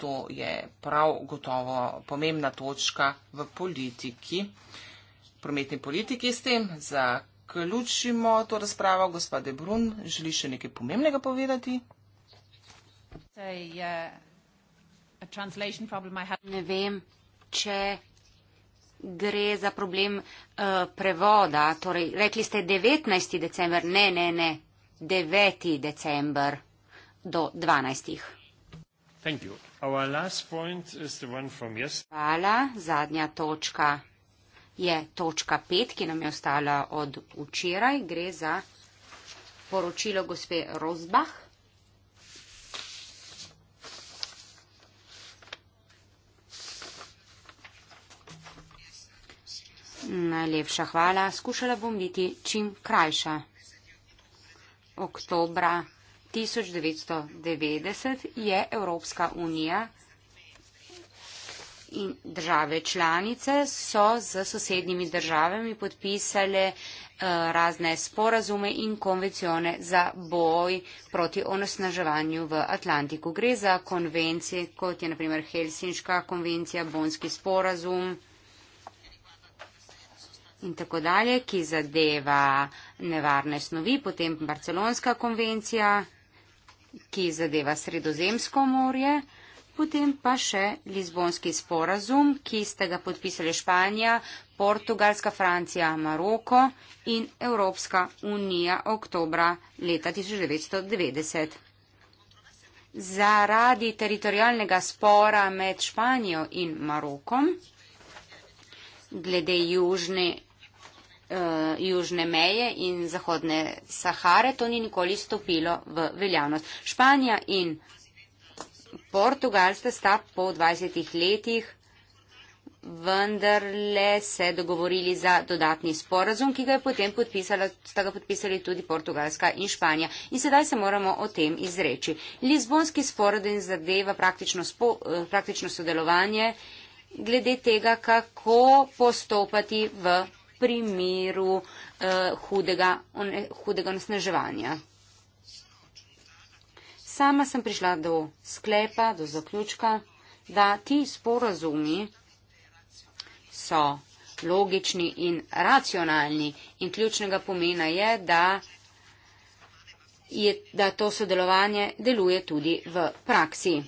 To je prav gotovo pomembna točka v politiki, prometni politiki. S tem zaključimo to razpravo. Gospode Brun, želi še nekaj pomembnega povedati? Uh, ne vem če gre za problem uh, prevoda. Torej, rekli ste 19. december, ne, ne, ne, 9. december do 12. Hvala. Zadnja točka je točka 5, ki nam je ostala od včeraj. Gre za poročilo gospe Rozbah. Najlepša hvala. Skušala bom biti čim krajša. Oktobra 1990 je Evropska unija in države članice so z sosednjimi državami podpisale eh, razne sporazume in konvencione za boj proti onosnaževanju v Atlantiku. Gre za konvencije, kot je naprimer Helsinška konvencija, Bonski sporazum in tako dalje, ki zadeva nevarne snovi, potem Barcelonska konvencija, ki zadeva Sredozemsko morje, potem pa še Lizbonski sporazum, ki ste ga podpisali Španija, Portugalska, Francija, Maroko in Evropska unija oktobra leta 1990. Zaradi teritorijalnega spora med Španijo in Marokom, glede južne Eh, južne meje in zahodne Sahare, to ni nikoli stopilo v veljavnost. Španija in Portugalska sta po 20 letih vendarle se dogovorili za dodatni sporazum, ki ga je potem podpisala, sta ga podpisali tudi Portugalska in Španija. In sedaj se moramo o tem izreči. Lizbonski sporazum zadeva praktično, spo, eh, praktično sodelovanje glede tega, kako postopati v primeru uh, hudega, one, hudega nasneževanja. Sama sem prišla do sklepa, do zaključka, da ti sporazumi so logični in racionalni in ključnega pomena je, da, je, da to sodelovanje deluje tudi v praksi.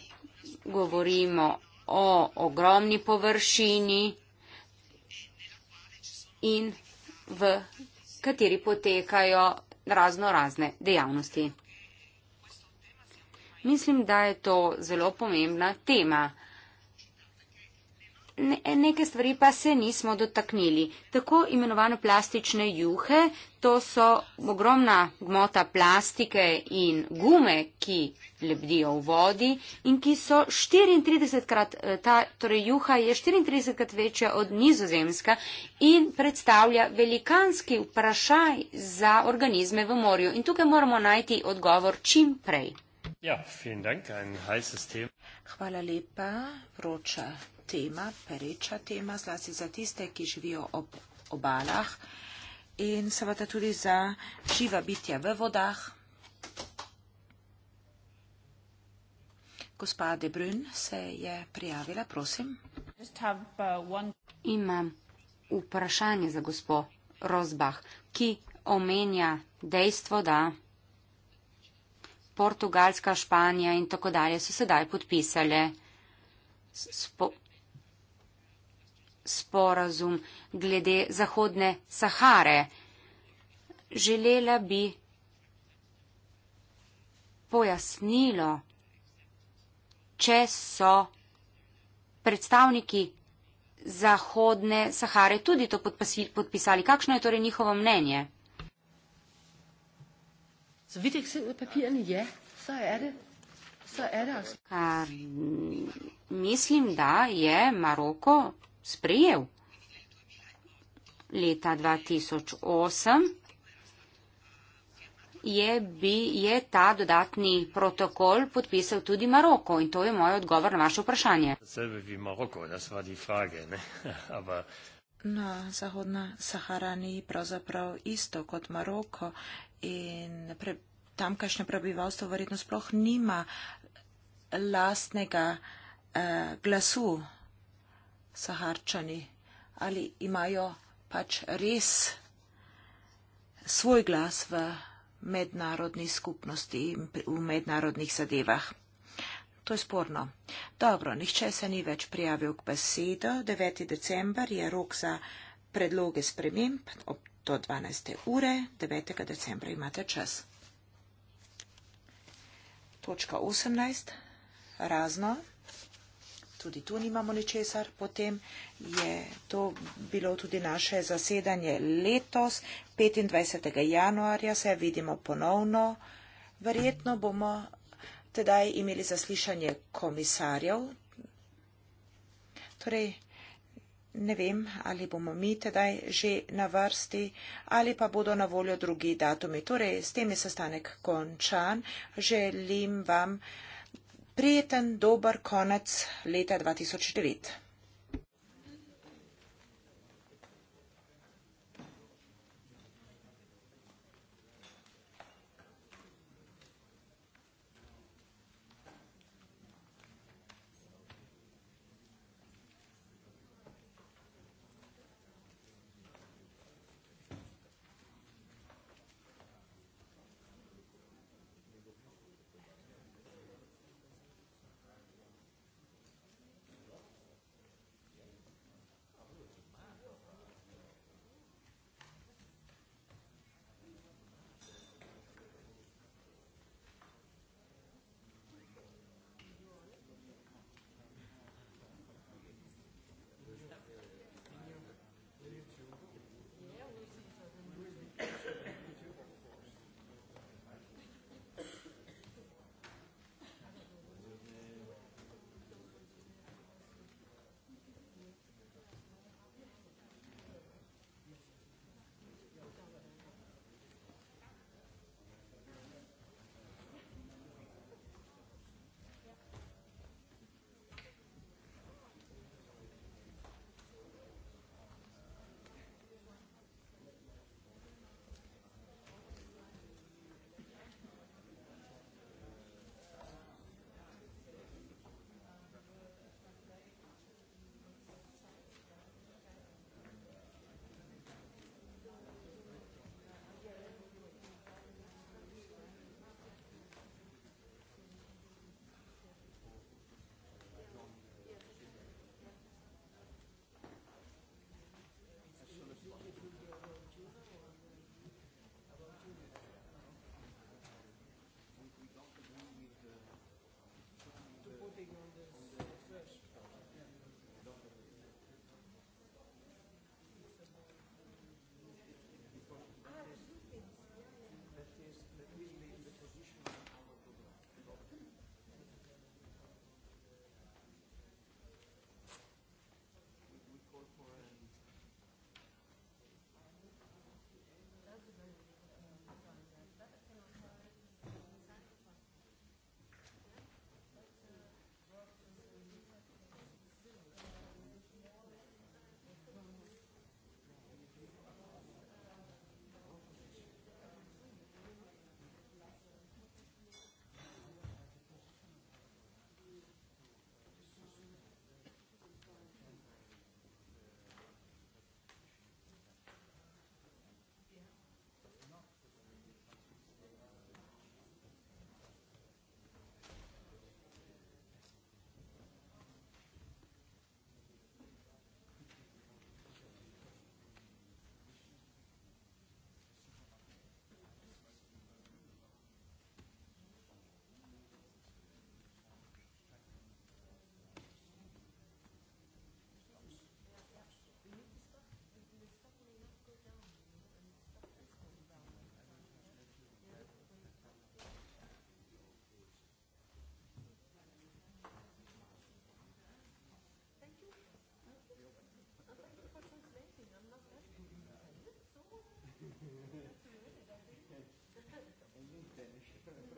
Govorimo o ogromni površini in v kateri potekajo razno razne dejavnosti. Mislim, da je to zelo pomembna tema ne, neke stvari pa se nismo dotaknili. Tako imenovano plastične juhe, to so ogromna gmota plastike in gume, ki lebdijo v vodi in ki so 34 krat, eh, ta, torej juha je 34 krat večja od nizozemska in predstavlja velikanski vprašaj za organizme v morju. In tukaj moramo najti odgovor čim prej. Ja, dank, Hvala lepa, vroča tema, pereča tema, zlasti za tiste, ki živijo ob obalah in seveda tudi za živa bitja v vodah. Gospa De Brun se je prijavila, prosim. Uh, Imam vprašanje za gospo Rozbah, ki omenja dejstvo, da Portugalska, Španija in tako dalje so sedaj podpisali sporazum glede Zahodne Sahare. Želela bi pojasnilo, če so predstavniki Zahodne Sahare tudi to podpisali. Kakšno je torej njihovo mnenje? Ja, er er Kar mislim, da je Maroko sprejel. Leta 2008 je, bi, je ta dodatni protokol podpisal tudi Maroko in to je moj odgovor na vaše vprašanje. No, <laughs> Zahodna Sahara ni pravzaprav isto kot Maroko in pre, tamkajšnje prebivalstvo verjetno sploh nima lastnega eh, glasu saharčani, ali imajo pač res svoj glas v mednarodni skupnosti in v mednarodnih zadevah. To je sporno. Dobro, nihče se ni več prijavil k besedo. 9. december je rok za predloge sprememb ob do 12. ure. 9. decembra imate čas. Točka 18. Razno tudi tu nimamo ničesar. Potem je to bilo tudi naše zasedanje letos, 25. januarja se vidimo ponovno. Verjetno bomo tedaj imeli zaslišanje komisarjev. Torej, ne vem, ali bomo mi tedaj že na vrsti ali pa bodo na voljo drugi datumi. Torej, s tem je sestanek končan. Želim vam prijeten, dober konec leta 2009. Pero...